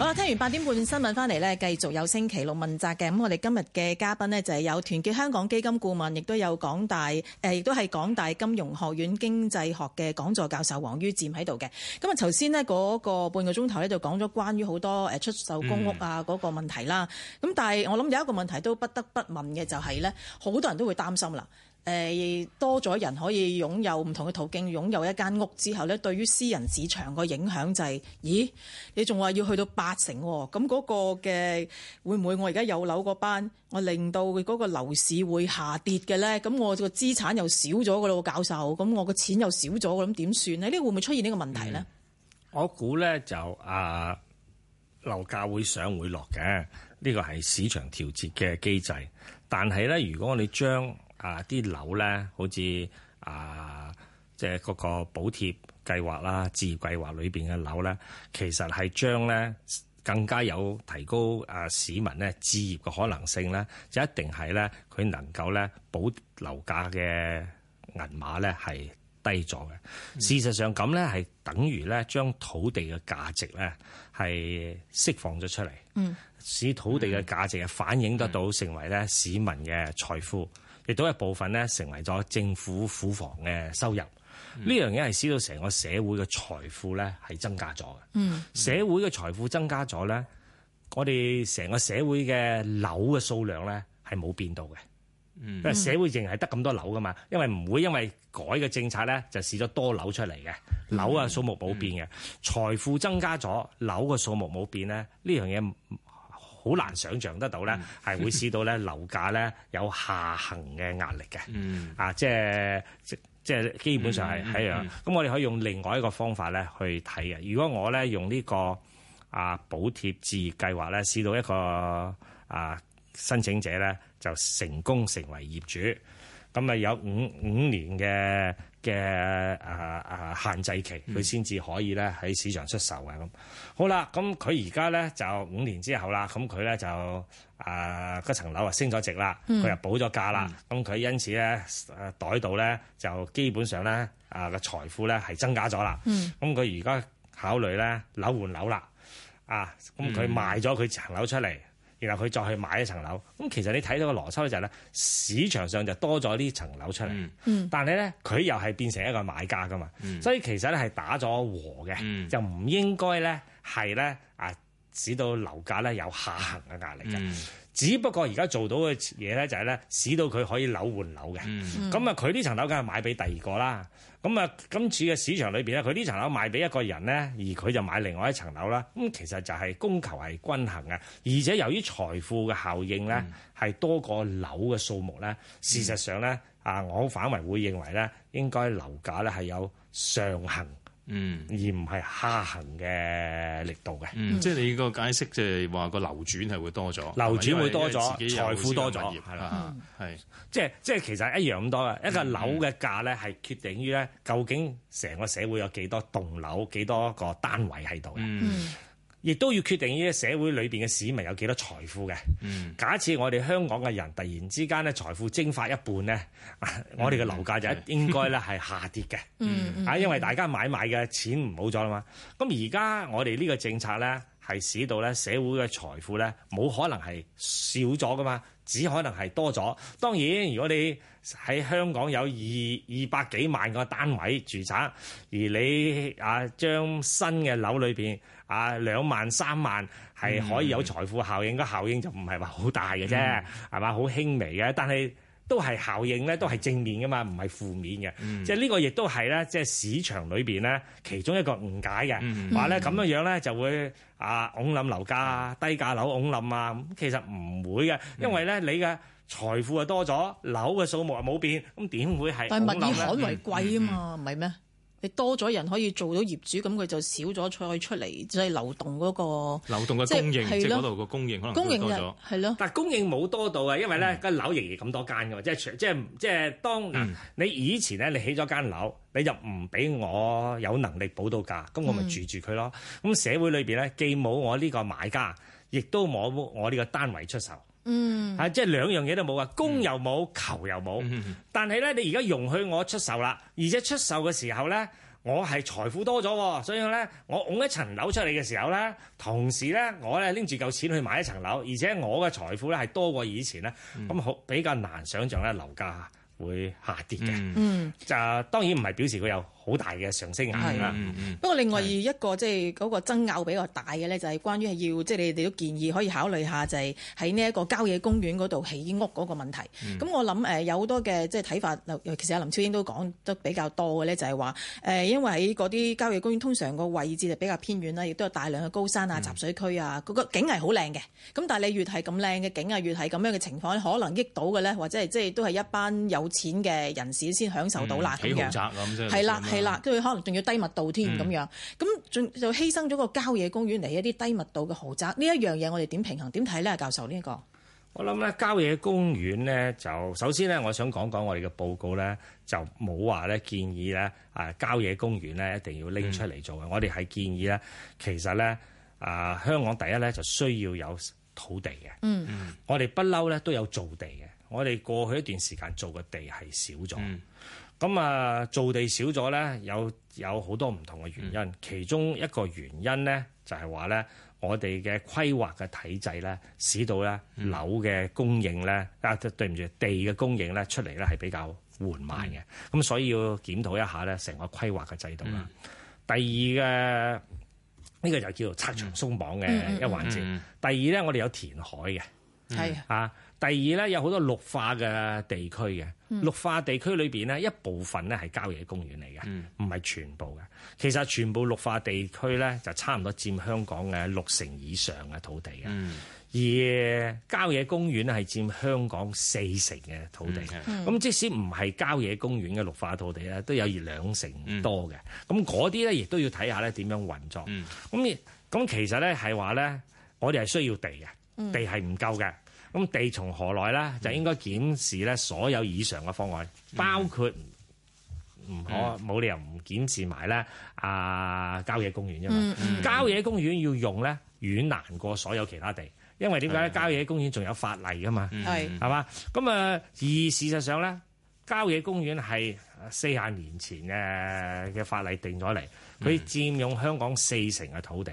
好啦，聽完八點半新聞翻嚟咧，繼續有星期六問責嘅。咁我哋今日嘅嘉賓呢，就係有團結香港基金顧問，亦、呃、都有港大亦都係港大金融學院經濟學嘅講座教授王于漸喺度嘅。咁啊，頭先呢嗰個半個鐘頭咧，就講咗關於好多出售公屋啊嗰個問題啦。咁、嗯、但係我諗有一個問題都不得不問嘅就係咧，好多人都會擔心啦。誒，多咗人可以擁有唔同嘅途徑，擁有一間屋之後咧，對於私人市場個影響就係、是、咦？你仲話要去到八成咁嗰個嘅會唔會？我而家有樓嗰班，我令到佢嗰個樓市會下跌嘅呢？咁我個資產又少咗噶啦，教授，咁我個錢又少咗，咁點算咧？呢啲會唔會出現呢個問題呢？嗯、我估呢，就、啊、誒，樓價會上會落嘅，呢個係市場調節嘅機制。但係呢，如果你將啊！啲樓咧，好似啊，即係嗰個補貼計劃啦、置業計劃裏邊嘅樓咧，其實係將咧更加有提高啊市民咧置業嘅可能性咧，嗯、就一定係咧佢能夠咧補樓價嘅銀碼咧係低咗嘅。事實上咁咧係等於咧將土地嘅價值咧係釋放咗出嚟，嗯、使土地嘅價值啊反映得到成為咧市民嘅財富。亦都一部分咧，成為咗政府庫房嘅收入。呢樣嘢係使到成個社會嘅財富咧係增加咗嘅。嗯，社會嘅財富增加咗咧、嗯嗯，我哋成個社會嘅樓嘅數量咧係冇變到嘅。嗯，因為社會淨係得咁多樓噶嘛，因為唔會因為改嘅政策咧就使咗多樓出嚟嘅。樓啊數目冇變嘅，嗯嗯、財富增加咗，樓嘅數目冇變咧，呢樣嘢。好難想象得到咧，係會使到咧樓價咧有下行嘅壓力嘅， 啊，即係即係基本上係一樣。咁我哋可以用另外一個方法咧去睇嘅。如果我咧用呢個啊補貼置業計劃咧，使到一個啊申請者咧就成功成為業主，咁啊有五五年嘅。嘅誒誒限制期，佢先至可以咧喺市場出售嘅咁。嗯、好啦，咁佢而家咧就五年之後啦，咁佢咧就誒嗰層樓啊升咗值啦，佢又補咗價啦。咁佢、嗯、因此咧袋度咧就基本上咧啊個財富咧係增加咗啦。咁佢而家考慮咧樓換樓啦，啊咁佢賣咗佢層樓出嚟。嗯然後佢再去買一層樓，咁其實你睇到個邏輯就係咧，市場上就多咗呢層樓出嚟。嗯，但係咧，佢又係變成一個買家㗎嘛，嗯、所以其實咧係打咗和嘅，嗯、就唔應該咧係咧啊，使到樓價咧有下行嘅壓力嘅。嗯只不過而家做到嘅嘢咧，就係咧使到佢可以樓換樓嘅。咁啊，佢呢層樓梗係買俾第二個啦。咁啊，今次嘅市場裏邊咧，佢呢層樓賣俾一個人咧，而佢就買另外一層樓啦。咁其實就係供求係均衡嘅，而且由於財富嘅效應咧係多過樓嘅數目咧，事實上咧啊，我反為會認為咧應該樓價咧係有上行。嗯，而唔係下行嘅力度嘅、嗯，即係你個解釋就係話個流轉係會多咗，流轉會多咗，財富多咗，係啦，係，即係即係其實一樣咁多嘅，一個樓嘅價咧係決定於咧、嗯、究竟成個社會有幾多棟樓、幾多個單位喺度嘅。嗯嗯亦都要決定呢個社會裏邊嘅市民有幾多財富嘅。假設我哋香港嘅人突然之間咧財富蒸發一半咧，嗯、 我哋嘅樓價就應該咧係下跌嘅啊，嗯、因為大家買賣嘅錢唔好咗啦嘛。咁而家我哋呢個政策咧係使到咧社會嘅財富咧冇可能係少咗噶嘛，只可能係多咗。當然，如果你喺香港有二二百幾萬個單位住宅，而你啊將新嘅樓裏邊。啊，兩萬三萬係可以有財富效應，個、嗯、效應就唔係話好大嘅啫，係嘛、嗯？好輕微嘅，但係都係效應咧，都係正面㗎嘛，唔係負面嘅、嗯。即係呢個亦都係咧，即係市場裏邊咧，其中一個誤解嘅話咧，咁樣樣咧就會啊，拱冧樓價啊，低價樓拱冧啊，咁其實唔會嘅，因為咧你嘅財富啊多咗，樓嘅數目啊冇變，咁點會係？但係物以罕為貴啊嘛，唔係咩？你多咗人可以做到業主，咁佢就少咗再出嚟，即係流動嗰、嗰個流動嘅供應，就是、即係嗰度嘅供應可能多供多咗，係咯？但供應冇多到啊，因為咧個、嗯、樓仍然咁多間嘅，即係即係即係當你以前咧你起咗間樓，你就唔俾我有能力補到價，咁我咪住住佢咯。咁社會裏面咧既冇我呢個買家，亦都冇我呢個單位出售。嗯，啊，即係兩樣嘢都冇啊，供又冇，求又冇。但係咧，你而家容許我出售啦，而且出售嘅時候咧，我係財富多咗，所以咧，我拱一層樓出嚟嘅時候咧，同時咧，我咧拎住嚿錢去買一層樓，而且我嘅財富咧係多過以前咧，咁好、嗯、比較難想象咧樓價會下跌嘅、嗯。嗯，就當然唔係表示佢有好大嘅上升壓力啦。是嗯、不過另外一個即係嗰個爭拗比較大嘅咧，就係、是、關於要即係、就是、你哋都建議可以考慮一下，就係喺呢一個郊野公園嗰度起屋嗰個問題。咁、嗯、我諗誒、呃、有好多嘅即係睇法。尤其實阿林超英都講得比較多嘅咧，就係話誒，因為喺嗰啲郊野公園通常個位置就比較偏遠啦，亦都有大量嘅高山啊、嗯、集水區啊，嗰個景係好靚嘅。咁但係你越係咁靚嘅景啊，越係咁樣嘅情況，可能益到嘅咧，或者係即係都係一班有錢嘅人士先享受到啦咁、嗯、樣豪宅咁即啦，啦，佢、嗯、可能仲要低密度添咁樣，咁仲就犧牲咗個郊野公園嚟一啲低密度嘅豪宅，呢一樣嘢我哋點平衡點睇咧？教授呢一個，我諗咧郊野公園咧就首先咧，我想講講我哋嘅報告咧，就冇話咧建議咧啊郊野公園咧一定要拎出嚟做嘅，嗯、我哋係建議咧，其實咧啊香港第一咧就需要有土地嘅，嗯，我哋不嬲咧都有造地嘅，我哋過去一段時間造嘅地係少咗。嗯咁啊，造地少咗咧，有有好多唔同嘅原因。嗯、其中一個原因咧，就係話咧，我哋嘅規劃嘅體制咧，使到咧樓嘅供應咧，啊，對唔住，地嘅供應咧出嚟咧係比較緩慢嘅。咁、嗯、所以要檢討一下咧成個規劃嘅制度啦。嗯、第二嘅呢、這個就叫做拆牆鬆綁嘅一環節。嗯嗯、第二咧，我哋有填海嘅，嗯、啊。第二咧，有好多綠化嘅地區嘅、嗯、綠化地區裏邊咧，一部分咧係郊野公園嚟嘅，唔係、嗯、全部嘅。其實全部綠化地區呢，就差唔多佔香港嘅六成以上嘅土地嘅，嗯、而郊野公園咧係佔香港四成嘅土地。咁、嗯、即使唔係郊野公園嘅綠化土地呢，都有二兩成多嘅。咁嗰啲呢，亦都要睇下咧點樣運作。咁咁、嗯、其實呢，係話呢，我哋係需要地嘅，嗯、地係唔夠嘅。咁地從何來咧？就應該檢視咧所有以上嘅方案，包括唔可冇、mm hmm. 理由唔檢視埋咧。啊、呃，郊野公園啫嘛，郊、mm hmm. 野公園要用咧遠難過所有其他地，因為點解咧？郊、mm hmm. 野公園仲有法例㗎嘛，係係嘛？咁、hmm. 啊，而事實上咧，郊野公園係四十年前嘅嘅法例定咗嚟，佢佔用香港四成嘅土地。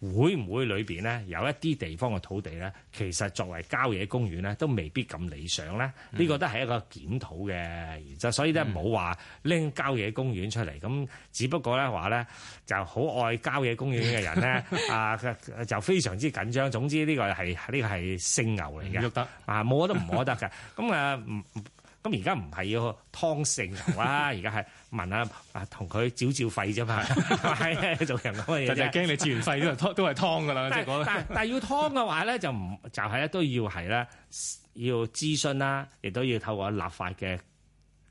會唔會裏邊咧有一啲地方嘅土地咧，其實作為郊野公園咧都未必咁理想咧？呢個都係一個檢討嘅原則，所以咧唔好話拎郊野公園出嚟。咁只不過咧話咧，就好愛郊野公園嘅人咧，啊就非常之緊張。總之呢個係呢個係聖牛嚟嘅，郁唔得㗎！冇我都唔摸得㗎。咁啊～咁而家唔係要湯性油啦，而家係問下啊，同佢、 啊啊、照照肺啫嘛，係 做人咁嘅嘢就係驚你繳完肺都 都係湯噶啦，即係講但係 要湯嘅話咧，就唔就係、是、咧都要係咧要諮詢啦，亦都要透過立法嘅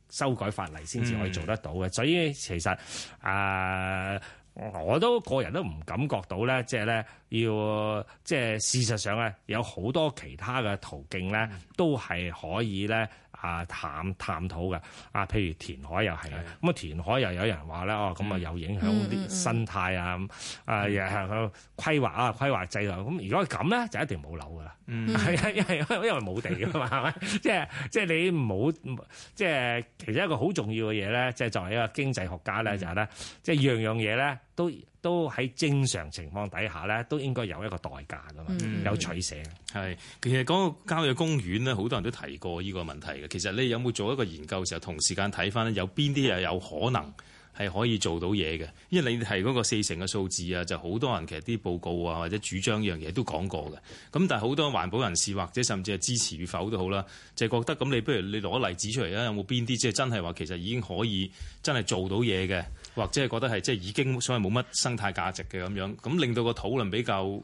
修改法例先至可以做得到嘅。嗯、所以其實啊、呃，我都個人都唔感覺到咧，即係咧要即係事實上咧，有好多其他嘅途徑咧，都係可以咧。啊探探討嘅啊，譬如填海又係啊，咁啊填海又有人話咧，的哦咁啊又影響啲生態的啊，嗯嗯啊又規劃啊，規劃制度咁、啊，如果係咁咧就一定冇樓噶啦，嗯、 因為因為冇地噶嘛，係咪、 就是？即係即係你唔好，即係、就是、其實一個好重要嘅嘢咧，即、就、係、是、作為一個經濟學家咧，就係、是、咧，即、就、係、是、樣樣嘢咧。都都喺正常情況底下咧，都應該有一個代價噶嘛，嗯、有取捨。係，其實嗰個郊野公園咧，好多人都提過呢個問題嘅。其實你有冇做一個研究嘅時候，同時間睇翻咧，有邊啲係有可能係可以做到嘢嘅？因為你係嗰個四成嘅數字啊，就好多人其實啲報告啊或者主張一樣嘢都講過嘅。咁但係好多環保人士或者甚至係支持與否都好啦，就係覺得咁你不如你攞例子出嚟啦，有冇邊啲即係真係話其實已經可以真係做到嘢嘅？或者係覺得係即係已經所謂冇乜生態價值嘅咁樣，咁令到個討論比較誒，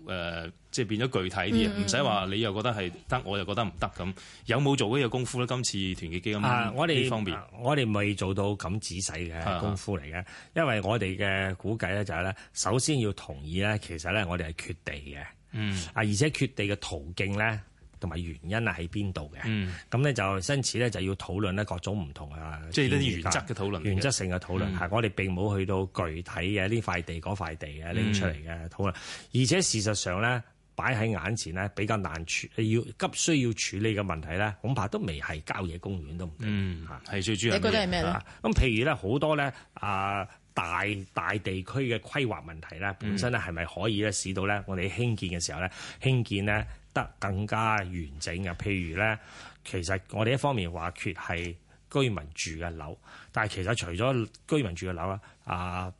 即、呃、係變咗具體啲，唔使話你又覺得係得，我又覺得唔得咁。有冇做呢個功夫咧？今次團結基金呢方面，啊、我哋未做到咁仔細嘅功夫嚟嘅，啊、因為我哋嘅估計咧就係咧，首先要同意咧，其實咧我哋係缺地嘅，嗯啊，而且缺地嘅途徑咧。同埋原因啊喺邊度嘅？咁咧就因此咧就要討論呢各種唔同啊，即係一啲原則嘅討論、原則性嘅討論。係我哋並冇去到具體嘅呢塊地嗰塊地啊拎出嚟嘅討論。嗯、而且事實上咧，擺喺眼前咧比較難處，要急需要處理嘅問題咧，恐怕都未係郊野公園都唔定。嗯，係最主要。你覺得係咩？咁譬如咧，好多咧啊，大大地區嘅規劃問題咧，嗯、本身咧係咪可以咧使到咧？我哋興建嘅時候咧，興建呢。得更加完整嘅，譬如咧，其實我哋一方面話缺係居民住嘅樓，但係其實除咗居民住嘅樓啦，啊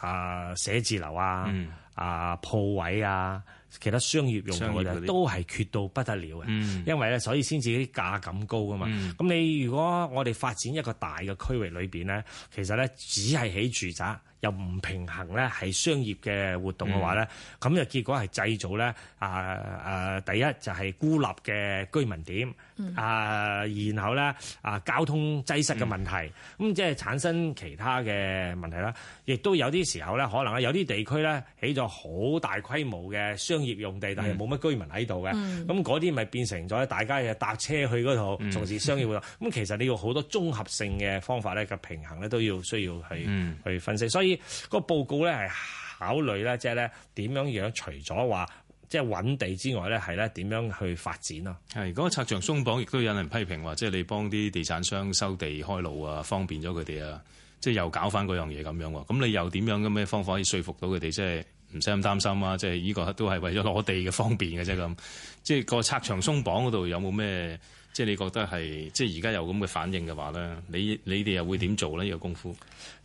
啊寫字樓啊，嗯、啊鋪位啊，其他商業用途都係缺到不得了嘅，因為咧，所以先至啲價咁高噶嘛。咁、嗯、你如果我哋發展一個大嘅區域裏面咧，其實咧只係起住宅。又唔平衡咧，係商業嘅活動嘅話咧，咁、嗯、就結果係製造咧啊啊！第一就係孤立嘅居民點啊、嗯呃，然後咧啊、呃、交通擠塞嘅問題，咁、嗯、即係產生其他嘅問題啦。亦都有啲時候咧，可能啊有啲地區咧起咗好大規模嘅商業用地，但係冇乜居民喺度嘅，咁嗰啲咪變成咗大家又搭車去嗰度從事商業活動，咁、嗯嗯、其實你要好多綜合性嘅方法咧嘅平衡咧，都要需要去去分析。嗯、所以個報告咧係考慮咧，即係咧點樣樣除咗話即係揾地之外咧，係咧點樣去發展咯？係嗰個拆牆鬆綁亦都有人批評話，即係你幫啲地產商收地開路啊，方便咗佢哋啊，即係又搞翻嗰樣嘢咁樣。咁你又點樣嘅咩方法可以說服到佢哋，即係唔使咁擔心啊？即係呢個都係為咗攞地嘅方便嘅啫。咁即係個拆牆鬆綁嗰度有冇咩？即係你覺得係，即係而家有咁嘅反應嘅話咧，你你哋又會點做咧？呢、嗯、個功夫，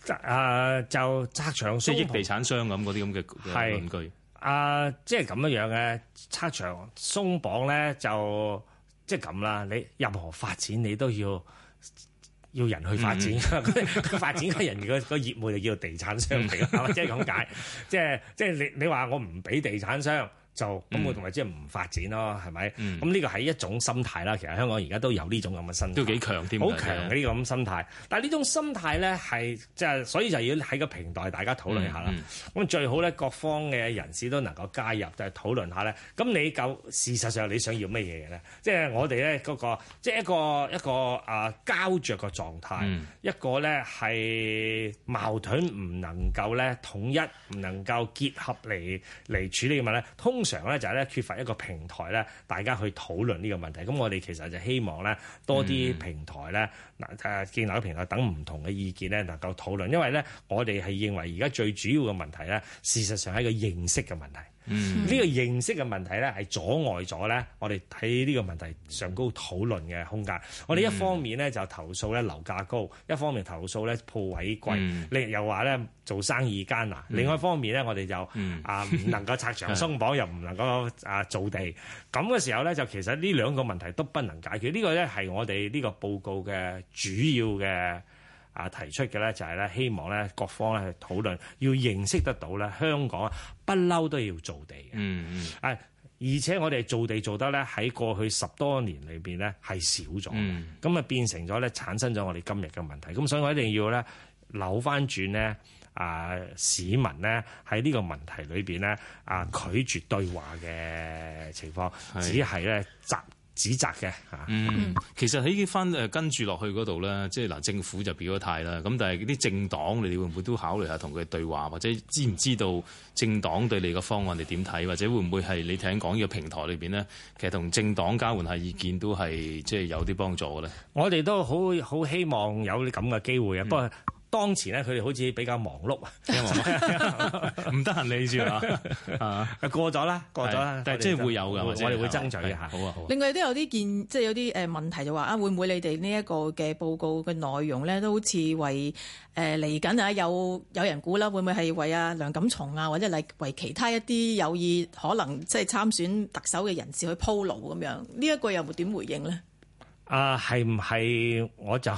誒、呃、就拆牆，即係益地產商咁嗰啲咁嘅論據。啊，即係咁樣樣嘅拆牆鬆綁咧，就即係咁啦。你任何發展，你都要要人去發展。個、嗯、 發展嘅人嘅個業務，就叫做地產商嚟嘅，即係咁解。即係即係你你話我唔俾地產商。嗯就咁我同埋即係唔發展咯，係咪、嗯？咁呢個係一種心態啦。其實香港而家都有呢種咁嘅心態，都幾強添。好強嘅呢個咁心態。的但呢種心態咧，係即係所以就要喺個平台大家討論下啦。咁、嗯嗯、最好咧，各方嘅人士都能夠加入就係討論下咧。咁你夠事實上你想要乜嘢咧？即、就、係、是、我哋咧嗰個，即、就、係、是、一個一個啊膠着嘅狀態，嗯、一個咧係矛盾唔能夠咧統一，唔能夠結合嚟嚟處理嘅問咧，通常咧就係咧缺乏一個平台咧，大家去討論呢個問題，咁我哋其實就希望咧多啲平台咧，嗱、誒、嗯、建立啲平台，等唔同嘅意見咧能夠討論，因為咧，我哋係認為而家最主要嘅問題咧，事實上係一個認識嘅問題。呢、嗯、個認識嘅問題咧，係阻礙咗咧我哋喺呢個問題上高討論嘅空間。我哋一方面咧就投訴咧樓價高，嗯、一方面投訴咧鋪位貴，另、嗯、又話咧做生意艱難。嗯、另外一方面咧，我哋就啊，唔能夠拆牆鬆綁，嗯、又唔能夠啊造地咁嘅、嗯、 是時候咧，就其實呢兩個問題都不能解決。呢、這個咧係我哋呢個報告嘅主要嘅。啊！提出嘅咧就係咧，希望咧各方咧去討論，要認識得到咧香港啊不嬲都要造地。嘅嗯嗯。誒而且我哋造地做得咧喺過去十多年裏邊咧係少咗，咁啊變成咗咧產生咗我哋今日嘅問題，咁所以我一定要咧扭翻轉咧啊市民咧喺呢個問題裏邊咧啊拒絕對話嘅情況，只係咧集。指責嘅嚇，嗯嗯、其實喺翻誒跟住落去嗰度咧，即係嗱政府就表咗態啦。咁但係啲政黨，你哋會唔會都考慮下同佢對話，或者知唔知道政黨對你個方案，你點睇？或者會唔會係你聽講呢個平台裏邊咧，其實同政黨交換下意見都係即係有啲幫助嘅咧。我哋都好好希望有啲咁嘅機會啊，嗯、不過。當時咧，佢哋好似比較忙碌啊，唔得閒理住啊， 過咗啦，過咗啦，但係即係會有噶，我哋會爭取一下。好啊好啊。另外都有啲見，即係有啲誒問題就話啊，會唔會你哋呢一個嘅報告嘅內容咧，都好似為誒嚟緊啊有有人估啦，會唔會係為啊梁錦松啊或者嚟為其他一啲有意可能即係參選特首嘅人士去鋪路咁樣？呢一個又會點回應呢？啊，係唔係我就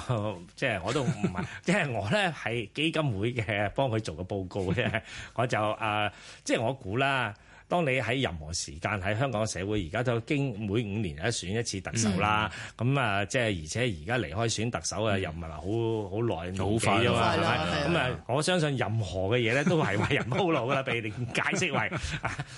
即係我都唔係，即係我咧係 基金會嘅幫佢做個報告啫， 我就啊、呃，即係我估啦。當你喺任何時間喺香港社會，而家都經每五年都選一次特首啦，咁、嗯、啊，即係而且而家離開選特首又唔係話好好耐，好快啊嘛，咁啊，我相信任何嘅嘢咧都係為人鋪路噶啦，俾你解釋為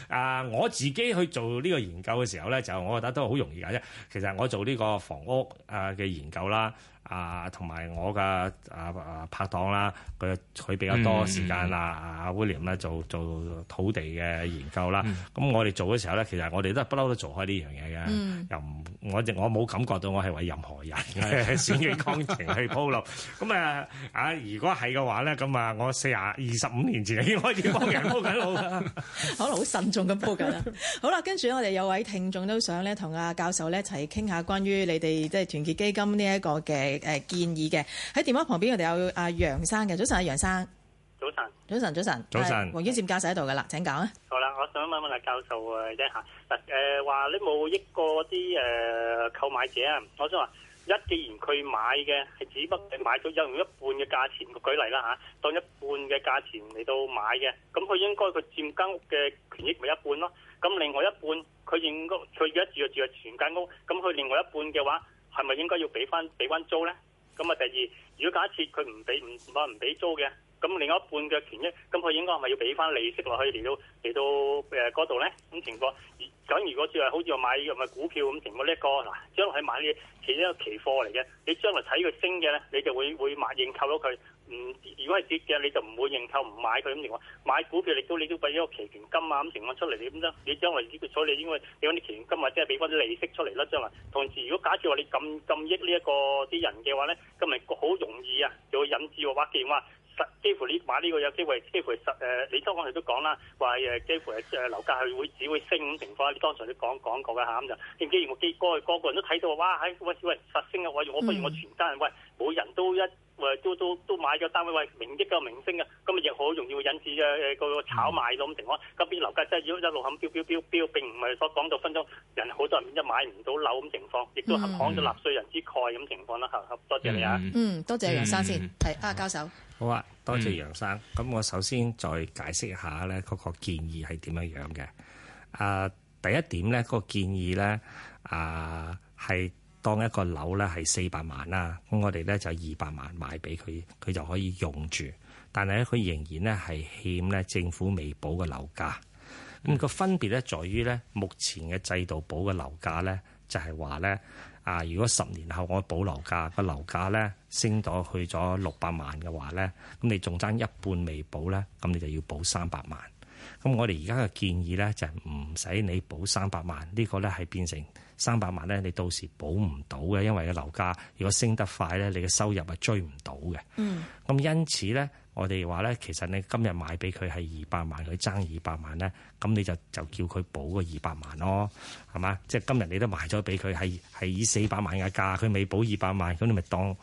啊，我自己去做呢個研究嘅時候咧，就我覺得都好容易㗎啫。其實我做呢個房屋啊嘅研究啦。啊，同埋我嘅啊啊拍檔啦，佢佢比較多時間啦。阿 William 咧做做土地嘅研究啦，咁我哋做嘅時候咧，其實我哋都係不嬲都做開呢樣嘢嘅，又唔，我我冇感覺到我係為任何人嘅選舉工程去鋪路。咁啊啊，如果係嘅話咧，咁啊，我四啊二十五年前已經開始幫人鋪緊路啦。可能好慎重咁鋪緊啦。好啦，跟住我哋有位聽眾都想咧同阿教授咧一齊傾下關於你哋即係團結基金呢一個嘅。誒，建議嘅，喺電話旁邊，我哋有阿楊生嘅。早晨，阿楊生。早晨，早晨，早晨，早晨，早晨。王于漸教授喺度嘅啦，請講啊。好啦，我想問問阿教授誒一下，誒話你冇益過啲誒、呃、購買者啊。我想話一，既然佢買嘅係只不過買咗用一半嘅價錢，舉例啦吓、啊，當一半嘅價錢嚟到買嘅，咁佢應該佢佔間屋嘅權益咪一半咯？咁另外一半，佢如果一住就住，全間屋，咁佢另外一半嘅話。係咪應該要俾翻俾翻租咧？咁啊，第二，如果假設佢唔俾唔唔係話唔俾租嘅？咁另一半嘅權益，咁佢應該係咪要俾翻利息落去嚟到嚟到誒嗰度咧？咁、呃、情況咁，假如果似話好似我買又咪股票咁情況呢、這、一個嗱，將來買啲、這個、其中一個期貨嚟嘅，你將來睇佢升嘅咧，你就會會買認購咗佢。唔如果係跌嘅，你就唔會認購唔買佢咁情況。買股票你都你都俾咗個期權金啊咁情況出嚟，你咁得你將來呢個彩你應該有啲期權金或者係俾翻啲利息出嚟啦。將來同時，如果假設你話你咁咁益呢一個啲人嘅話咧，咁咪好容易啊，就會引致話話。幾幾乎你買呢、這個有機會，幾乎你當場都講啦，話幾乎誒樓價係會只會升咁情況，你當場都講講過嘅嚇咁就，應機應我機該，個個人都睇到話，哇，係喂喂實升啊，我我不如我全家人喂，每人都一喂，都都都買咗單位，喂明益嘅明星啊，咁啊亦好容易會引致誒個炒賣咁情況，咁啲、嗯、樓價真係要一路咁飆飆飆飆，並唔係所講到分鐘，人好多人一買唔到樓咁情況，亦都係響咗納稅人之蓋咁情況啦嚇，多謝你啊，嗯，多謝王生先，係、嗯、啊教授。交手。好啊，多謝，謝楊生。咁我首先再解釋一下咧嗰個建議係點樣樣嘅。啊、呃，第一點咧，個建議咧，啊、呃、係當一個樓咧係四百萬啦，咁我哋咧就二百萬買俾佢，佢就可以用住。但係咧，佢仍然咧係欠咧政府未補嘅樓價。咁、個分別咧，在於咧，目前嘅制度補嘅樓價咧，就係話咧。啊！如果十年後我補樓價，個樓價咧升到去咗六百萬嘅話咧，咁你仲爭一半未補咧？咁你就要補三百萬。咁我哋而家嘅建議咧就係唔使你補三百萬，呢個咧係變成三百萬咧，你到時補唔到嘅，因為個樓價如果升得快咧，你嘅收入係追唔到嘅。嗯。咁因此咧。我哋話咧，其實你今日買俾佢係二百萬，佢爭二百萬咧，咁你就叫就叫佢補個二百萬咯，係嘛？即係今日你都買咗俾佢，係係以四百萬嘅價，佢未補二百萬，咁你咪當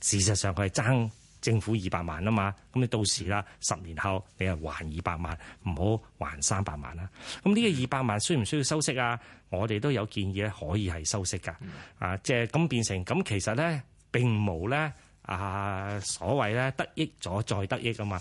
事實上佢係爭政府二百萬啊嘛。咁你到時啦，十年後你係還二百萬，唔好還三百萬啦。咁呢個二百萬需唔需要收息啊？我哋都有建議咧，可以係收息噶，啊，即係咁變成咁，其實咧並冇咧。啊，所謂咧得益咗再得益㗎嘛，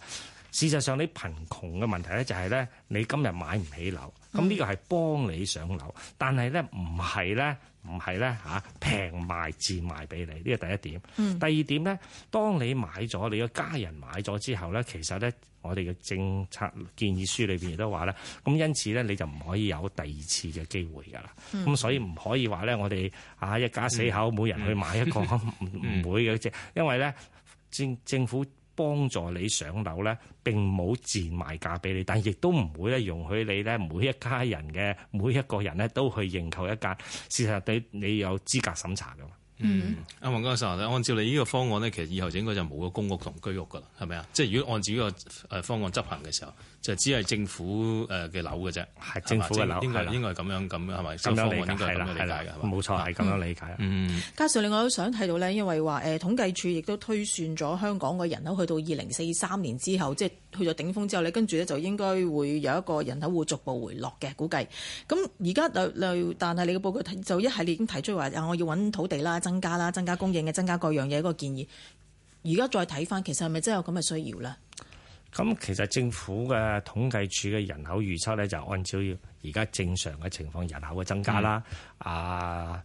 事實上你貧窮嘅問題咧就係咧，你今日買唔起樓，咁呢個係幫你上樓，但係咧唔係咧唔係咧嚇平賣賤賣俾你，呢個第一點。嗯、第二點咧，當你買咗，你嘅家人買咗之後咧，其實咧。我哋嘅政策建議書裏邊亦都話咧，咁因此咧你就唔可以有第二次嘅機會噶啦。咁、嗯、所以唔可以話咧，我哋啊一家四口每人去買一個唔會嘅，即係因為咧政政府幫助你上樓咧，並冇賤賣價俾你，但亦都唔會咧容許你咧每一家人嘅每一個人咧都去認購一間，事實對你有資格審查噶嘛。嗯，阿王教授咧，按照你呢個方案咧，其實以後就應該就冇個公屋同居屋噶啦，係咪啊？即係如果按照呢個誒方案執行嘅時候。就只係政府誒嘅樓嘅啫，係政府嘅樓應該應該係咁樣咁係咪？咁樣理解係啦，係啦，冇錯係咁樣理解。加上另外都想睇到呢，因為話誒統計處亦都推算咗香港嘅人口去到二零四三年之後，即係去咗頂峰之後咧，跟住呢，就應該會有一個人口會逐步回落嘅估計。咁而家但係你嘅報告就一系列已經提出話我要揾土地啦，增加啦，增加供應嘅，增加各樣嘢一個建議。而家再睇翻，其實係咪真係有咁嘅需要呢？咁其實政府嘅統計處嘅人口預測咧，就按照而家正常嘅情況人口嘅增加啦，嗯、啊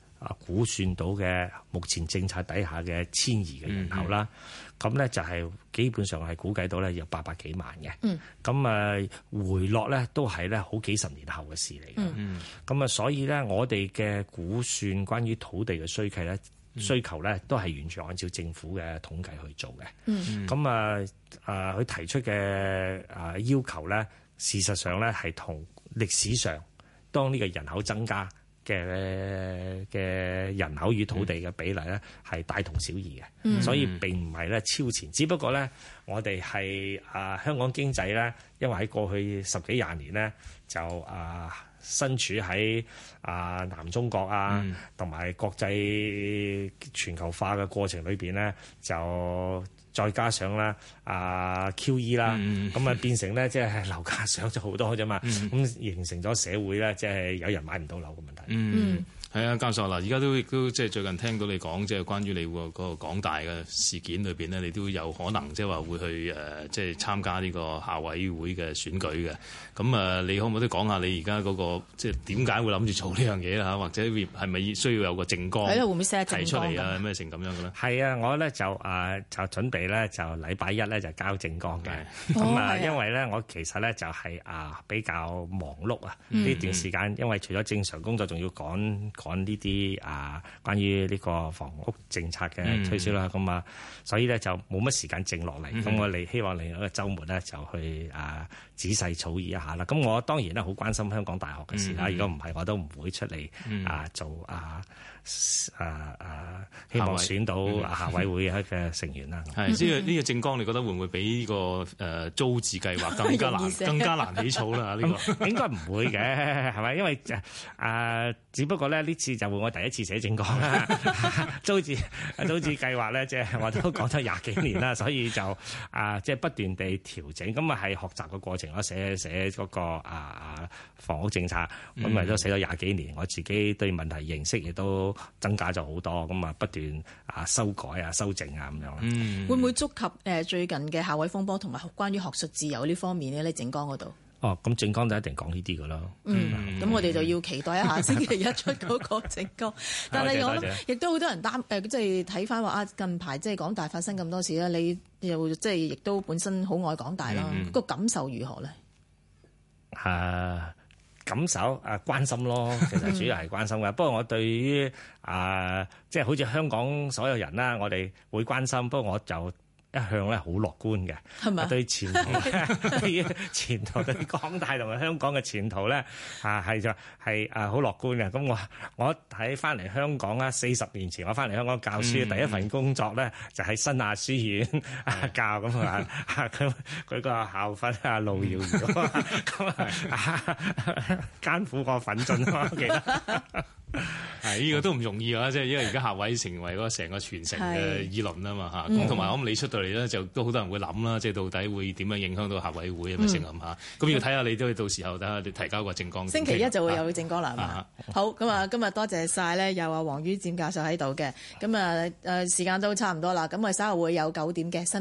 估算到嘅目前政策底下嘅遷移嘅人口啦，咁咧就係基本上係估計到咧有八百幾萬嘅，咁誒、嗯、回落咧都係咧好幾十年後嘅事嚟嘅，咁誒、嗯、所以咧我哋嘅估算關於土地嘅需求咧。需求咧都係完全按照政府嘅統計去做嘅，咁啊佢提出嘅要求咧，事實上咧係同歷史上當呢個人口增加嘅嘅人口與土地嘅比例咧係大同小異嘅，嗯、所以並唔係咧超前，嗯、只不過咧我哋係、呃、香港經濟咧，因為喺過去十幾廿年咧就啊。呃身處喺啊南中國啊，同埋國際全球化嘅過程裏邊咧，就再加上啦啊 QE 啦，咁啊變成咧即係樓價上咗好多啫嘛，咁形成咗社會咧即係有人買唔到樓嘅問題。係啊，教授嗱，而家都亦都即係最近聽到你講，即係關於你個嗰港大嘅事件裏邊呢，你都有可能即係話會去誒，即、呃、係參加呢個校委會嘅選舉嘅。咁啊，你可唔可以都講下你而家嗰個即係點解會諗住做呢樣嘢啦？或者係咪需要有個政綱提出嚟啊？咩成咁樣嘅咧？係啊，我咧就啊、呃、就準備咧就禮拜一咧就交政綱嘅。咁是、嗯哦、啊，因為咧我其實咧就係啊比較忙碌啊呢段時間，嗯、因為除咗正常工作，仲要趕。講呢啲啊，關於呢個房屋政策嘅推銷啦，咁啊、嗯，所以咧就冇乜時間靜落嚟，咁、嗯、我哋希望另一個周末咧就去啊。仔細草擬一下啦，咁我當然咧好關心香港大學嘅事啦。如果唔係我都唔會出嚟，啊做啊啊啊，希望選到啊校委會嘅成員啦。係，呢個呢個政綱你覺得會唔會比呢個誒租置計劃更加難 更加難起草啦？呢、嗯、個應該唔會嘅，係咪？ 因為誒、呃、只不過咧呢這次就會我第一次寫政綱啦 租置租置計劃咧，即、就、係、是、我都講咗廿幾年啦，所以就啊，即、呃、係、就是、不斷地調整，咁啊係學習嘅過程。我寫寫嗰個啊啊房屋政策咁咪都寫咗廿幾年，我自己對問題認識亦都增加咗好多咁啊，不斷啊修改啊、修正啊咁樣。嗯，會唔會觸及誒最近嘅校委風波同埋關於學術自由呢方面呢咧？政綱嗰度。哦，咁政綱就一定講呢啲噶啦。嗯，咁我哋就要期待一下星期一出嗰個政綱。但係我亦都好多人諗，誒，即係睇翻話啊，近排即係港大發生咁多事啦。你又即係亦都本身好愛港大啦，個感受如何咧？啊，感受啊，關心咯。其實主要係關心噶。不過我對於啊，即係好似香港所有人啦，我哋會關心。不過我就。一向咧好樂觀嘅，嗎對前途、 前途對港大同埋香港嘅前途咧，啊係就係啊好樂觀嘅。咁我我喺翻嚟香港啊，四十年前我翻嚟香港教書，嗯、第一份工作咧就喺新亞書院的教，咁啊，佢個個校訓啊，路遙遙，咁啊艱苦過奮進啊，記得。 係呢、 這個都唔容易啊！即係因為而家客委成為嗰成個全城嘅議論啊嘛吓，咁同埋咁你出到嚟咧，就都好多人會諗啦，即係到底會點樣影響到客委會啊？咪先、嗯？啊嘛，咁、嗯、要睇下你都、嗯、到時候睇下提交個政綱。星期一就會有政綱啦嘛。好，咁啊，今日多謝晒咧，又啊王于漸教授喺度嘅。咁啊，誒，時間都差唔多啦。咁我稍後會有九點嘅